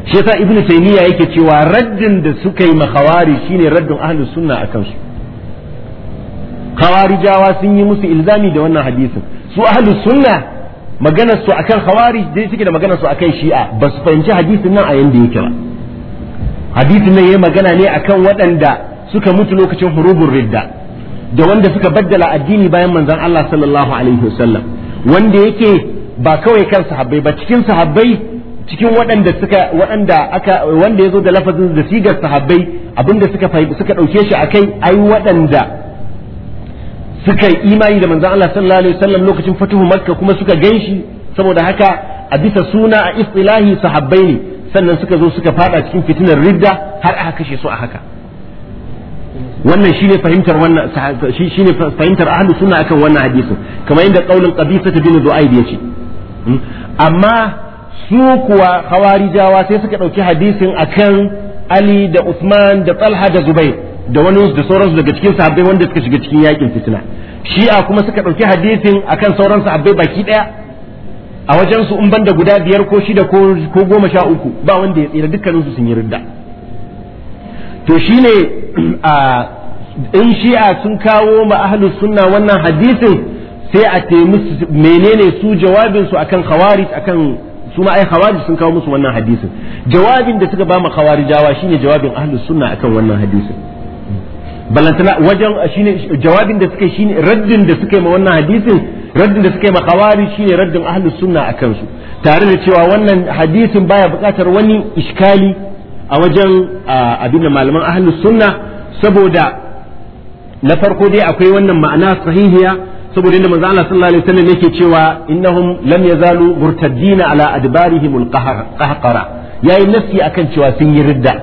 shi yasa ibn taymiya yake cewa raddin da suka yi ma khawari shine raddin ahlus sunna akan su khawarijawa sun yi musu ilzami da wannan hadisin su ahlus sunna maganar su akan khawarij dai suke da maganar su akan shi'a ba su fahimci hadisin nan a yanda yake ba hadisin nan yayi magana ne akan waɗanda suka mutu lokacin hurubun ridda da wanda suka baddala addini bayan manzon Allah sallallahu alaihi wasallam wanda yake ba kawai kan sahabbai ba cikin sahabbai cikin waɗanda suka waɗanda aka wanda zo da lafazin da sigar sahabbai abinda suka suka shi shi akai ai waɗanda suka yi imani da manzon Allah sallallahu alaihi wasallam lokacin fatuhu makka kuma suka ganshi saboda haka a bisa suna a istilahi sahabbai ne sannan suka zo suka fada cikin fitinar ridda har aka kashe su a haka wannan shine fahimtar wannan shine fahimtar ahlus sunna akan wannan hadisin kamar inda ta qabisa bin du'aib yace hmm? amma su kuwa hawarijawa sai suka dauki hadisin akan Ali da Usman da Talha da Zubair da wani da sauransu daga cikin sahabbai wanda suka shiga cikin yakin fitina shi'a kuma suka ɗauki hadisin akan sauran sahabbai baki ɗaya a wajen su in banda guda biyar ko shida ko goma sha uku ba wanda ya tsira dukkaninsu sun yi ridda to shine a in shi'a sun kawo ma ahlus sunna wannan hadisin sai a ce musu menene su jawabin su akan khawarij akan su ma ai khawarij sun kawo musu wannan hadisin jawabin da suka ba ma khawarijawa shine jawabin ahlus sunna akan wannan hadisin balantana wajen shine jawabin da suke shine raddin da suke ma wannan hadisin raddin da suke ma khawari shine raddin ahlus sunna akan su tare da cewa wannan hadisin baya bukatar wani iskali a wajen abin da malaman ahlus sunna saboda na farko dai akwai wannan ma'ana sahihiya saboda inda manzo Allah sallallahu alaihi wasallam yake cewa innahum lam yazalu murtaddina ala adbarihim alqahqara yayi nasi akan cewa sun yi ridda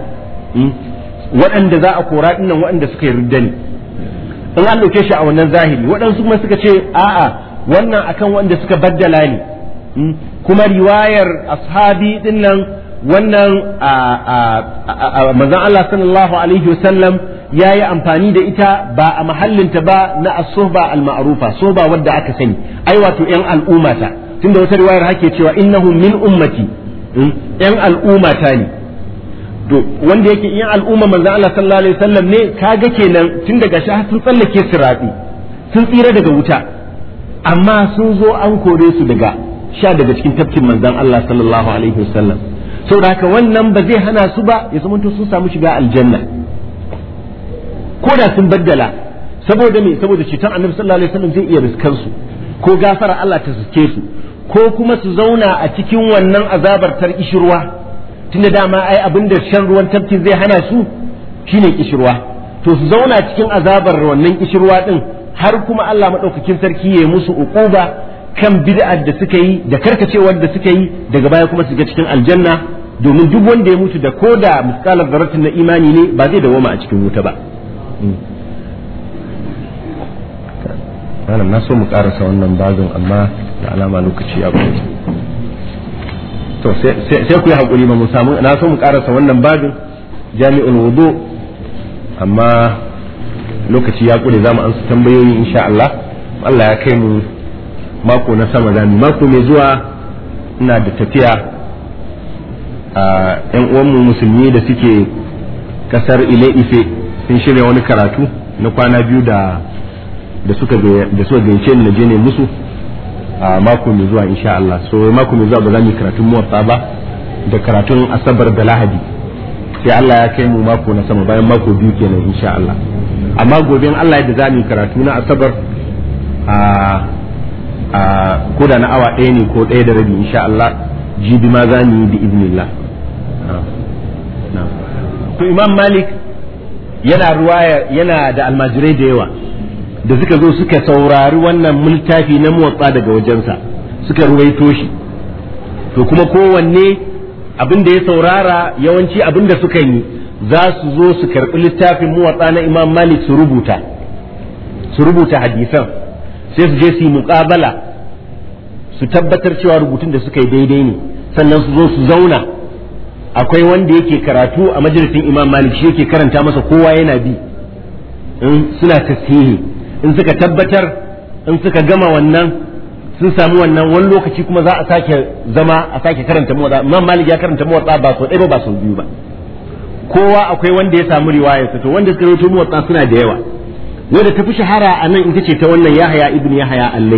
hmm? waɗanda za a kora dinnan waɗanda suka yi ridda in an ɗauke shi a wannan zahiri waɗansu kuma suka ce a'a wannan akan waɗanda suka baddala ne hmm? kuma riwayar ashabi dinnan wannan manzan Allah sallallahu alaihi wasallam ya yi amfani da ita ba a mahallinta ba na asoba suhba al-ma'rufa suhba wadda aka sani ai wato yan al'ummata tunda wata riwayar hake cewa innahum min ummati hmm? yan ta ne to wanda yake in al'umma manzo Allah sallallahu alaihi wasallam ne kaga kenan tun daga shi har sun tsallake sirati sun tsira daga wuta amma sun zo an kore su daga sha daga cikin tafkin manzon Allah sallallahu alaihi wasallam saboda haka wannan ba zai hana su ba ya zamanto sun samu shiga aljanna ko da sun baddala saboda me saboda cutar annabi sallallahu alaihi wasallam zai iya riskan su ko gafara Allah ta suke su ko kuma su zauna a cikin wannan azabar tar ishirwa tun da dama ai abin da shan ruwan tafkin zai hana su shine kishirwa to su zauna cikin azabar wannan kishirwa din har kuma Allah madaukakin sarki ya musu uquba kan bid'ar da suka yi da karkacewar da suka yi daga baya kuma su ga cikin aljanna domin duk wanda ya mutu da koda misalar zaratin na imani ne ba zai dawoma a cikin wuta ba hmm. malam na so mu karasa wannan bazin amma da alama lokaci ya to sai ku yi hakuri ba mu samu na so mu karasa wannan babin jami'ul wudu amma lokaci ya kure za mu ansa tambayoyi insha Allah Allah ya kai mu mako na sama zamu mako mai zuwa ina da tafiya a yan uwanmu musulmi da suke kasar ile ife sun shirya wani karatu na kwana biyu da da suka gayyace ni na je ne musu a mako mai zuwa insha Allah so mako mai zuwa ba za mu karatun muwatta ba da karatun asabar da lahadi sai Allah ya kai mu mako na sama bayan mako biyu kenan insha Allah amma gobe in Allah yadda za mu karatu na asabar a a koda na awa ɗaya ne ko ɗaya da rabi insha Allah jibi ma za mu yi bi iznillah to Imam Malik yana ruwaya yana da almajirai da yawa da suka zo suka saurari wannan littafi na motsa daga wajensa suka ruwaito shi to kuma kowanne abin da ya saurara yawanci abin da suka yi za su zo su karɓi littafin muwatsa na imam malik su rubuta su rubuta hadisan sai su je su yi muƙabala su tabbatar cewa rubutun da suka yi daidai ne sannan su zo su zauna akwai wanda yake karatu a majalisin imam malik shi yake karanta masa kowa yana bi suna tasihi in suka tabbatar in suka gama wannan sun samu wannan wani lokaci kuma za a sake zama a sake karanta muwatta imam malik ya karanta muwatta ba so ɗaya ba so biyu ba kowa akwai wanda ya samu riwaya to wanda suka rawaito muwatta suna da yawa wanda tafi shahara a nan ita ce ta wannan yahaya ibn yahaya al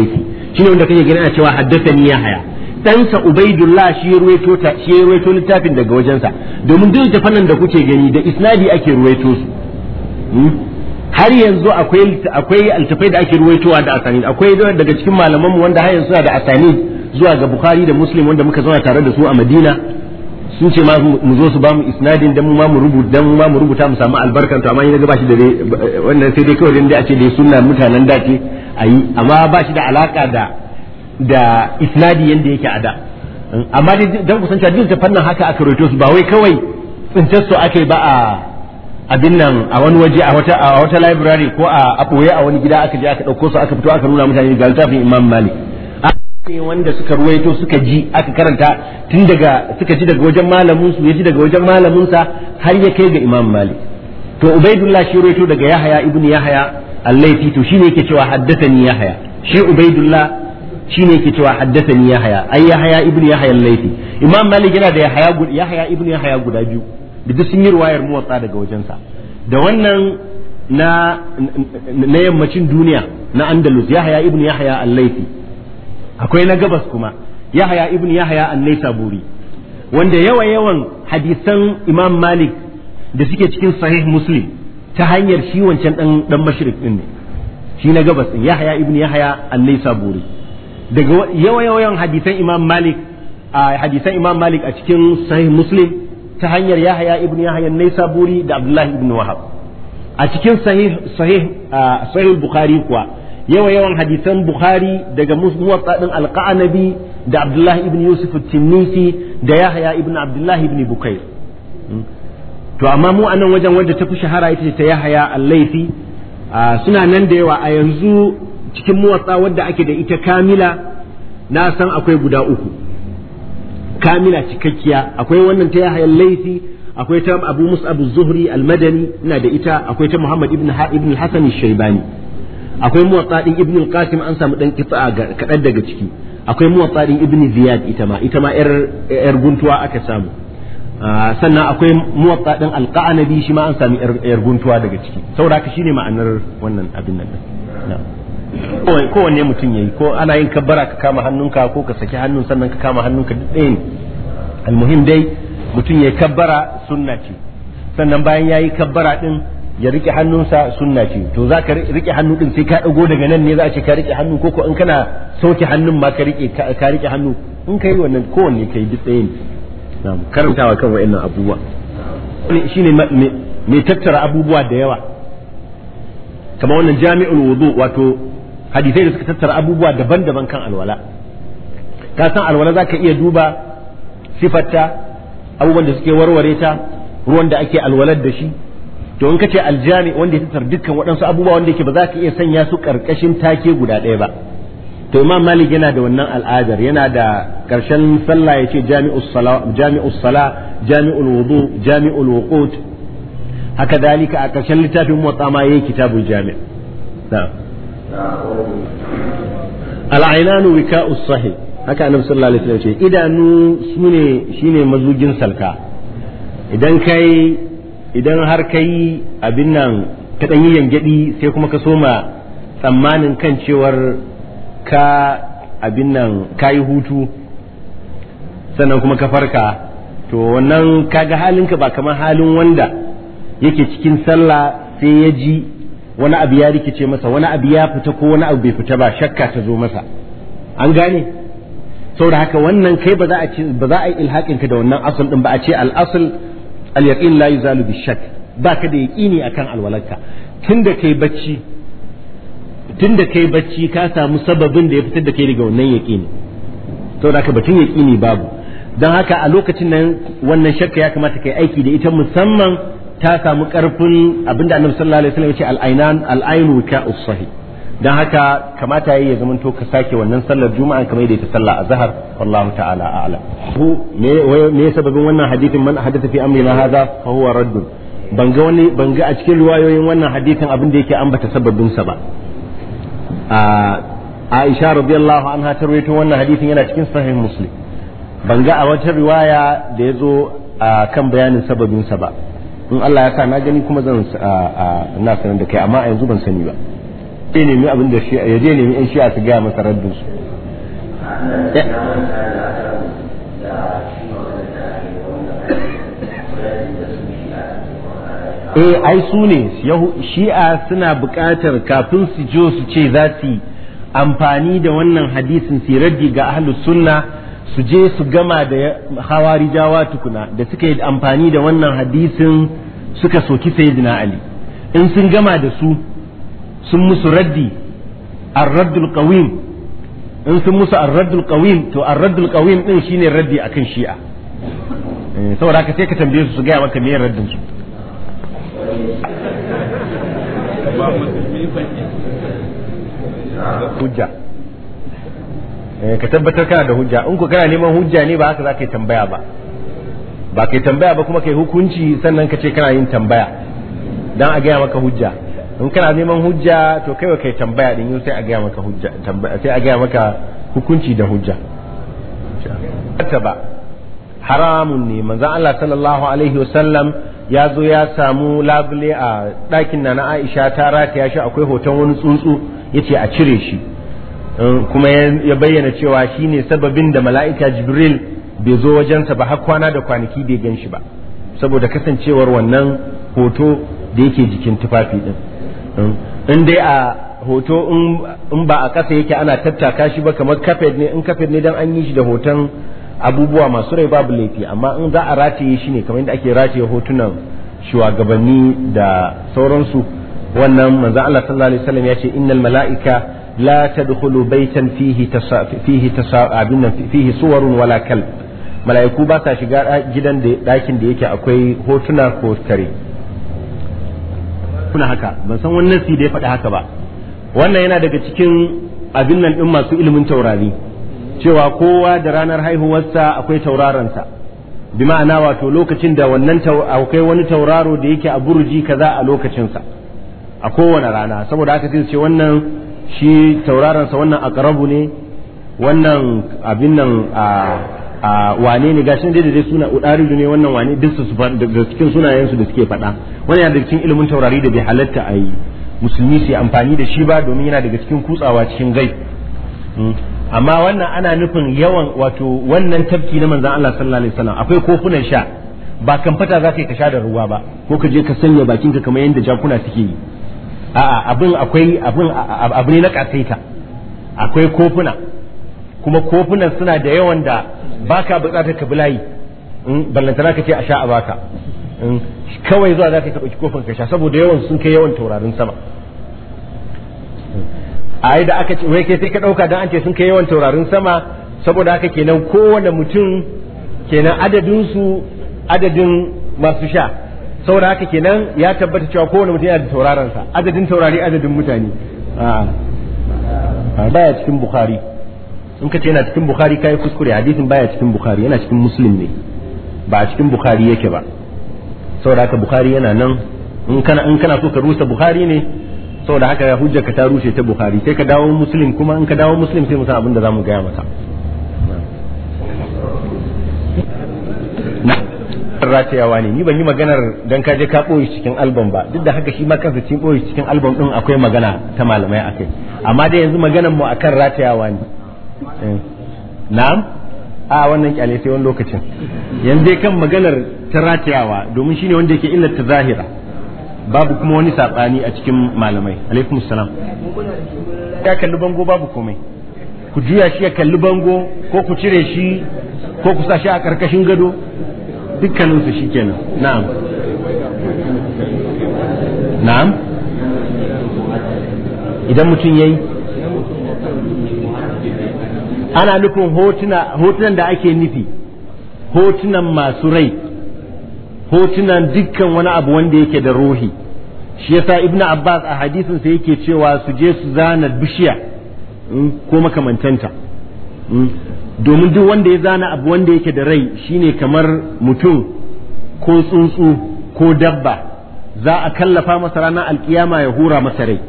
shi ne wanda kake gani ana cewa haddathani yahaya ɗansa ubaidullah shi ruwaito shi ruwaito littafin daga wajensa domin duk da fannin da kuke gani da isnadi ake ruwaito su hmm? har yanzu akwai akwai altafai da ake ruwaitowa da asani akwai daga cikin malamanmu wanda har yanzu suna da asani zuwa ga bukhari da muslim wanda muka zauna tare da su a madina sun ce ma mu zo su ba mu isnadin dan mu ma mu rubuta dan mu ma mu rubuta mu samu albarkan to amma ni ga bashi da wannan sai dai kawai dai a ce dai sunna mutanen da ke. ayi amma bashi da alaka da da isnadi yanda yake a da amma dai dan kusanci duk da fannin haka aka roito su ba wai kawai tsintar su ake ba a abin nan a wani waje a wata a wata library ko a boye a wani gida aka je aka dauko su aka fito aka nuna mutane ga littafin Imam Malik ne wanda suka ruwaito suka ji aka karanta tun daga suka ji daga wajen malamin su ya ji daga wajen malamin sa har ya kai ga Imam Malik to Ubaidullah shi ruwaito daga Yahaya ibn Yahaya al-Laifi to shine yake cewa haddathani Yahaya shi Ubaidullah shine yake cewa haddathani Yahaya ai Yahaya ibn Yahya al-Laifi Imam Malik yana da Yahya Yahaya ibn Yahaya guda biyu da duk sun yi ruwayar muwatsa daga wajensa da wannan na na yammacin duniya na andalus ya yahya ibn haya al-laifi akwai na gabas kuma ya yahya ibn haya an buri wanda yawa yawan hadisan imam malik da suke cikin sahih muslim ta hanyar shi wancan dan dan mashrik din ne shi na gabas din yahya ibn haya an buri daga yawa yawan hadisan imam malik a hadisan imam malik a cikin sahih muslim ta hanyar yahaya ibn yahaya naisaburi da abdullahi ibn wahab a cikin sahih sahih sahih bukhari kuwa yawa yawan hadisan bukhari daga muwatta din alqanabi da abdullahi ibn yusuf at-tinnisi da yahaya ibn abdullahi ibn bukair hmm. to amma mu anan wajen wadda ta fi shahara ita ce ta yahaya al-laifi suna nan da yawa a yanzu cikin muwatta wadda ake da ita kamila na san akwai guda uku kamila cikakkiya akwai wannan ta yahya laifi akwai ta abu mus'ab zuhri al-madani ina da ita akwai ta muhammad ibn ibn hasan shaybani akwai muwatta ibn al-qasim an samu dan kitsa kadan daga ciki akwai muwatta ibn ziyad ita ma ita ma yar guntuwa aka samu ah, sannan akwai muwatta din al-qanabi shi ma an samu yar guntuwa daga ciki saboda haka shine ma'anar wannan abin nan na'am kowanne mutum ya yi ko ana yin kabbara ka kama hannunka ko ka saki hannun sannan ka kama hannunka duk ɗaya ne almuhim dai mutum yi kabbara sunna ce sannan bayan ya yi kabbara din ya rike hannunsa sunna ce to za ka rike hannu din sai ka ɗago daga nan ne za a ce ka rike hannu ko ko in kana soke hannun ma ka rike ka rike hannu in ka yi wannan kowanne yi duk ɗaya ne karantawa kan wa'annan abubuwa shine mai tattara abubuwa da yawa kamar wannan jami'ul wudu wato hadisai da suka tattara abubuwa daban-daban kan alwala ka san alwala ka iya duba sifarta abubuwan da suke warware ta ruwan da ake alwalar da shi to in kace aljami wanda ya tattara dukkan waɗansu abubuwa wanda yake ba za ka iya sanya su karkashin take guda ɗaya ba to imam malik yana da wannan al'adar yana da karshen sallah ya ce jami'us sala jami'ul wudu jami'ul wuqut haka dalika a karshen littafin muwatta ma yayi kitabul jami' na'am al'ainanu wika'u sahih haka annabi sallallahu alaihi wasallam ce idanu sune shine mazugin salka idan kai idan har kai abin nan ka dan yi yangadi sai kuma ka soma tsammanin kan cewar ka abin nan kayi hutu sannan kuma ka farka to wannan kaga halinka ba kamar halin wanda yake cikin sallah sai ya ji wani abu ya rikice masa wani abu ya fita ko wani abu bai fita ba shakka ta zo masa an gane saboda haka wannan kai ba za a ce ba za a yi ilhakin ka da wannan asal din ba a ce al asl al yaqin la yuzalu bi shakk ba da yaqini akan alwalarka tunda kai bacci tunda kai bacci ka samu sababin da ya fitar da kai daga wannan yaqini saboda haka batun yaqini babu don haka a lokacin nan wannan shakka ya kamata kai aiki da ita musamman ta samu ƙarfin abinda annabi sallallahu alaihi wasallam ya ce al-ainan al-ainu ka usahi dan haka kamata yayi ya zamanto ka sake wannan sallar juma'a kamar yadda ta sallah azhar wallahu ta'ala a'lam me me sababin wannan hadithin man hadatha fi amrina hadha fa huwa radd ban ga wani ban ga a cikin riwayoyin wannan hadithin abinda da yake ambata sababin sa ba Aisha radiyallahu anha ta rawaito wannan hadithin yana cikin sahih muslim ban ga a wata riwaya da yazo kan bayanin sababin sa ba in Allah ya sa na gani kuma zan na sanar da kai amma a yanzu ban sani ba sai nemi abin da shi ya je nemi yan shi'a su gaya masa raddin su eh ai su ne shi'a suna buƙatar kafin su jo su ce za su amfani da wannan hadisin su raddi ga ahlus sunna su je su gama da jawa tukuna da suka yi amfani da wannan hadisin suka soki sayyidina ali in sun gama da su sun musu raddi ar-raddul qawim in sun musu ar-raddul qawim to ar-raddul qawim din shine raddi akan shi'a eh, saboda haka sai ka tambaye su su gaya maka me raddin su hujja eh, ka tabbatar kana da hujja in ku kana neman hujja ne ba haka za ka yi tambaya ba ba kai tambaya ba kuma kai hukunci sannan ka ce kana yin tambaya dan a gaya maka hujja in kana neman hujja to kai kai tambaya din sai a gaya maka hujja tambaya sai a gaya maka hukunci da hujja ba haramun ne manzo Allah sallallahu alaihi wasallam ya zo ya samu labule a ɗakin na na Aisha ta ya shi akwai hoton wani tsuntsu yace a cire shi kuma ya bayyana cewa shine sababin da mala'ika Jibril bai zo wajensa ba har kwana da kwanaki bai gan shi ba saboda kasancewar wannan hoto da yake jikin tufafi din mm. in dai a hoto in ba a ƙasa yake ana tattaka shi ba kamar kafet ne in kafet ne dan an yi shi da hoton abubuwa masu rai babu laifi amma in za a rataye shi ne kamar yadda ake rataye hotunan shugabanni da sauransu wannan manzon Allah sallallahu alaihi wasallam ya ce innal mala'ika la tadkhulu baytan fihi fihi abin fihi suwarun wala kalb mala'iku ba sa shiga gidan dakin da yake akwai hotuna ko tare kuna haka ban san wannan si da ya faɗi haka ba wannan yana daga cikin abin nan ɗin masu ilimin taurari cewa kowa da ranar haihuwarsa akwai tauraronsa bi ma'ana wato lokacin da wannan akwai wani tauraro da yake a burji kaza a lokacinsa a kowane rana saboda haka sai ce wannan shi tauraronsa wannan aqrabu ne wannan abin nan a a wane ne gashin da dai suna udari ne wannan wane duk su daga cikin sunayensu da suke faɗa wannan yana daga cikin ilimin taurari da bai halatta a yi musulmi su amfani da shi ba domin yana daga cikin kutsawa cikin gai hmm. amma wannan ana nufin yawan wato wannan tafki na manzan Allah sallallahu alaihi wasallam akwai kofunan sha ba fata za ka ka sha da ruwa ba ko ka je ka sanya bakinka kamar yadda jakuna suke yi a'a abin akwai abin abu ne na kasaita akwai kofuna kuma kofunan suna da yawan da ba ka bukatar ka bulayi mm, ballantana ka ce a sha a baka mm, kawai zuwa za ka taɓa kofin ka sha saboda yawan sun kai yawan taurarin sama mm, a da aka ce wai kai sai ka ɗauka don an ce sun kai yawan taurarin sama saboda haka kenan kowane mutum kenan adadinsu adadin masu sha saboda haka kenan ya tabbata cewa kowane mutum yana da tauraron sa adadin taurari adadin mutane a ah, ah, baya cikin bukhari in ka ce yana cikin bukhari kai kuskure hadisin baya cikin bukhari yana cikin muslim ne ba a cikin bukhari yake ba saboda haka bukhari yana nan in kana in kana so ka rusa bukhari ne saboda haka hujja ka ta rushe ta bukhari sai ka dawo muslim kuma in ka dawo muslim sai mu san abin da zamu gaya mata ratayawa ne ni ban yi maganar dan ka je ka ɓoye cikin album ba duk da haka shi ma kansa cikin ɓoye cikin album din akwai magana ta malamai akai amma dai yanzu maganar mu akan ratayawa ne Eh. na'am a wannan kyale sai wani lokacin yanzu dai kan maganar taratiyawa domin shine wanda yake illar ta zahira babu kuma wani sabani a cikin malamai alaikum salam ya kalli bango babu komai ku juya shi ya kalli bango ko ku cire shi ko ku sa shi a karkashin gado dukkanin su kenan. na'am na'am idan mutum yayi ana nufin hotunan da ake nufi hotunan masu rai hotunan dukkan wani abu wanda yake da ruhi shi yasa ibnu abbas a hadisin sa yake cewa su je su zana bishiya mm, ko makamantanta mm. domin duk wanda ya zana abu wanda yake da rai shine kamar mutum ko tsuntsu ko dabba za a kallafa masa ranar alkiyama ya hura masa rai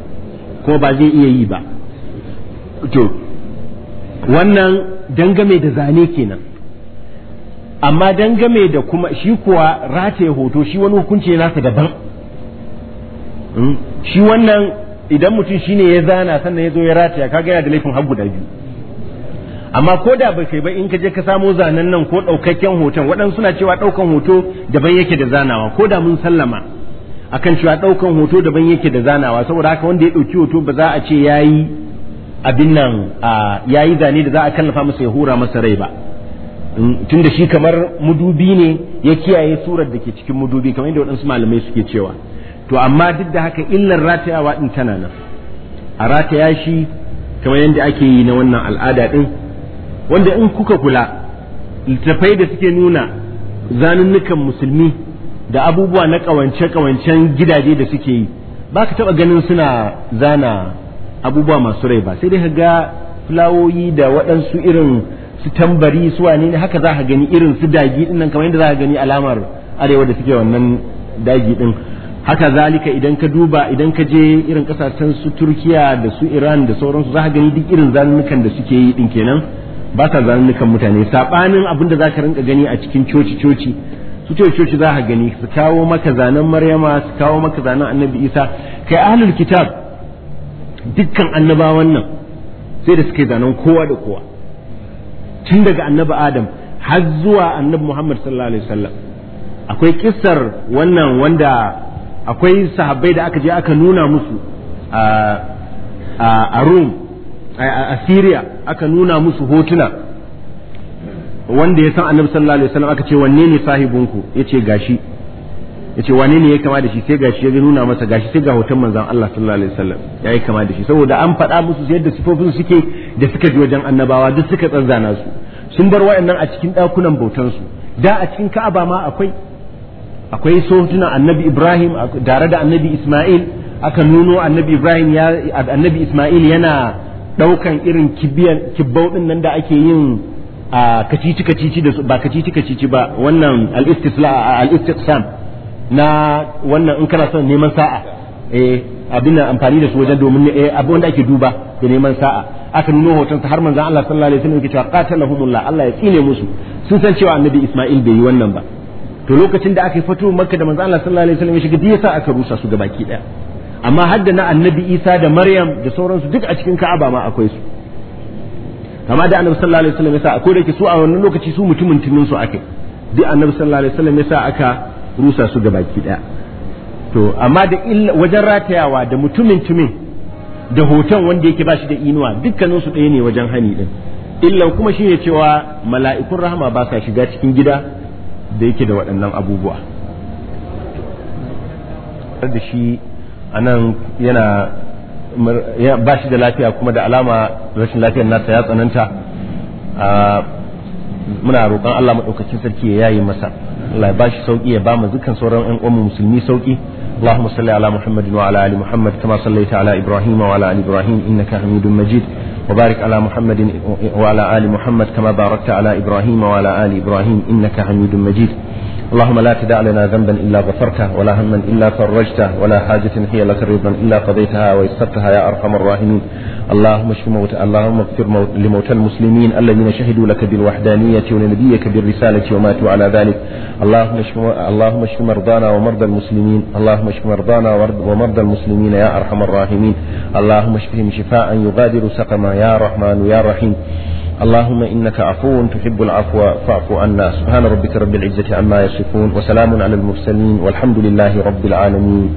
ko ba zai iya yi ba wannan dangame da zane kenan amma dangame da kuma shi kuwa rataye hoto shi wani hukunci ne nasa daban hmm? shi wannan idan mutum shine ya zana sannan ya zo ya rataya kaga yana da laifin har guda biyu amma ko da ba kai ba in ka je ka samo zanen nan ko ɗaukakken hoton waɗansu suna cewa ɗaukan hoto daban yake da zanawa ko da mun sallama akan cewa ɗaukan hoto daban yake da zanawa saboda haka wanda ya ɗauki hoto ba za a ce ya yi abin nan ya yi zane da za a kallafa masa ya hura masa rai ba tun da shi kamar mudubi ne ya kiyaye surar da ke cikin mudubi kamar yadda waɗansu malamai suke cewa to amma duk da haka illar ratayawa ɗin tana nan a rataya shi kamar yadda ake yi na wannan al'ada ɗin wanda in kuka kula littattafai da suke nuna zanunnukan musulmi da abubuwa na ƙawance-ƙawancen gidaje da suke yi ba ka taɓa ganin suna zana abubuwa masu rai ba sai dai ga fulawoyi da waɗansu irin su tambari su wane ne haka za ka gani irin su dagi din nan kamar yadda za ka gani alamar arewa da suke wannan dagi din haka zalika idan ka duba idan ka je irin kasashen su turkiya da su iran da sauransu za ka gani duk irin zanunukan da suke yi din kenan ba sa zanunukan mutane saɓanin abin da za ka rinka gani a cikin coci coci su ce coci za ka gani su kawo maka zanen maryama su kawo maka zanen annabi isa kai ahlul kitab dukkan annabawan nan sai da suke zanen kowa da kowa tun daga annabi adam har zuwa annabi muhammad sallallahu alaihi wasallam akwai kissar wannan wanda akwai sahabbai da aka je aka nuna musu a rum a syria aka nuna musu hotuna wanda ya san annabi sallallahu alaihi wasallam aka ce wanne ne sahibinku yace gashi yace wane ne ya kama da shi sai gashi ya nuna masa gashi sai ga hoton manzon Allah sallallahu alaihi wasallam yayi kama da shi saboda an faɗa musu yadda sifofin suke da suka ji wajen annabawa duk suka tsanzana su sun bar wa'annan a cikin ɗakunan bautan su da a cikin Ka'aba ma akwai akwai sotunan Annabi Ibrahim tare da Annabi Isma'il aka nuno Annabi Ibrahim ya Annabi Isma'il yana ɗaukan irin kibiyan kibbau din nan da ake yin a kacici kacici da ba kacici kacici ba wannan al-istisla al-istiqsam na wannan in kana son neman sa'a eh abin nan amfani da su wajen domin eh abin da ake duba da neman sa'a aka nuno hoton sa har manzon Allah sallallahu alaihi wasallam yake cewa qatalahumullah Allah ya tsine musu sun san cewa annabi Isma'il bai yi wannan ba to lokacin da aka yi fatu makka da manzon Allah sallallahu alaihi wasallam ya shiga sa aka rusa su gabaki daya amma hadda na annabi Isa da Maryam da sauransu duk a cikin Ka'aba ma akwai su kama da annabi sallallahu alaihi wasallam yasa ko da ke su a wannan lokaci su mutumin tunin su ake duk annabi sallallahu alaihi wasallam yasa aka rusa su baki daya to amma da wajen ratayawa da mutumin tumin da hoton wanda yake ba shi da inuwa dukkanin su ɗaya ne wajen hani din illan kuma shi ne cewa mala'ikun rahama ba sa shiga cikin gida da yake da waɗannan abubuwa da shi anan yana ba shi da lafiya kuma da alama rashin lafiyar nasa ya tsananta ah, muna roƙon Allah madaukakin sarki ya yayi masa Allah ya bashi sauki ya bamu dukkan sauran ƴan uwan musulmi sauƙi اللهم صل على محمد وعلى ال محمد كما صليت على ابراهيم وعلى ال ابراهيم انك حميد مجيد وبارك على محمد وعلى آل محمد كما باركت على إبراهيم وعلى آل إبراهيم إنك حميد مجيد اللهم لا تدع لنا ذنبا إلا غفرته ولا هما إلا فرجته ولا حاجة هي لك رضا إلا قضيتها ويسرتها يا أرحم الراحمين اللهم اشف موت اللهم اغفر موت لموتى المسلمين الذين شهدوا لك بالوحدانية ولنبيك بالرسالة وماتوا على ذلك اللهم اشف اللهم اشف مرضانا ومرضى المسلمين اللهم اشف مرضانا ومرضى المسلمين يا أرحم الراحمين اللهم اشفهم شفاء يغادر سقما ربنا يا رحمن يا رحيم اللهم إنك عفو تحب العفو فاعف عنا سبحان ربك رب العزة عما يصفون وسلام على المرسلين والحمد لله رب العالمين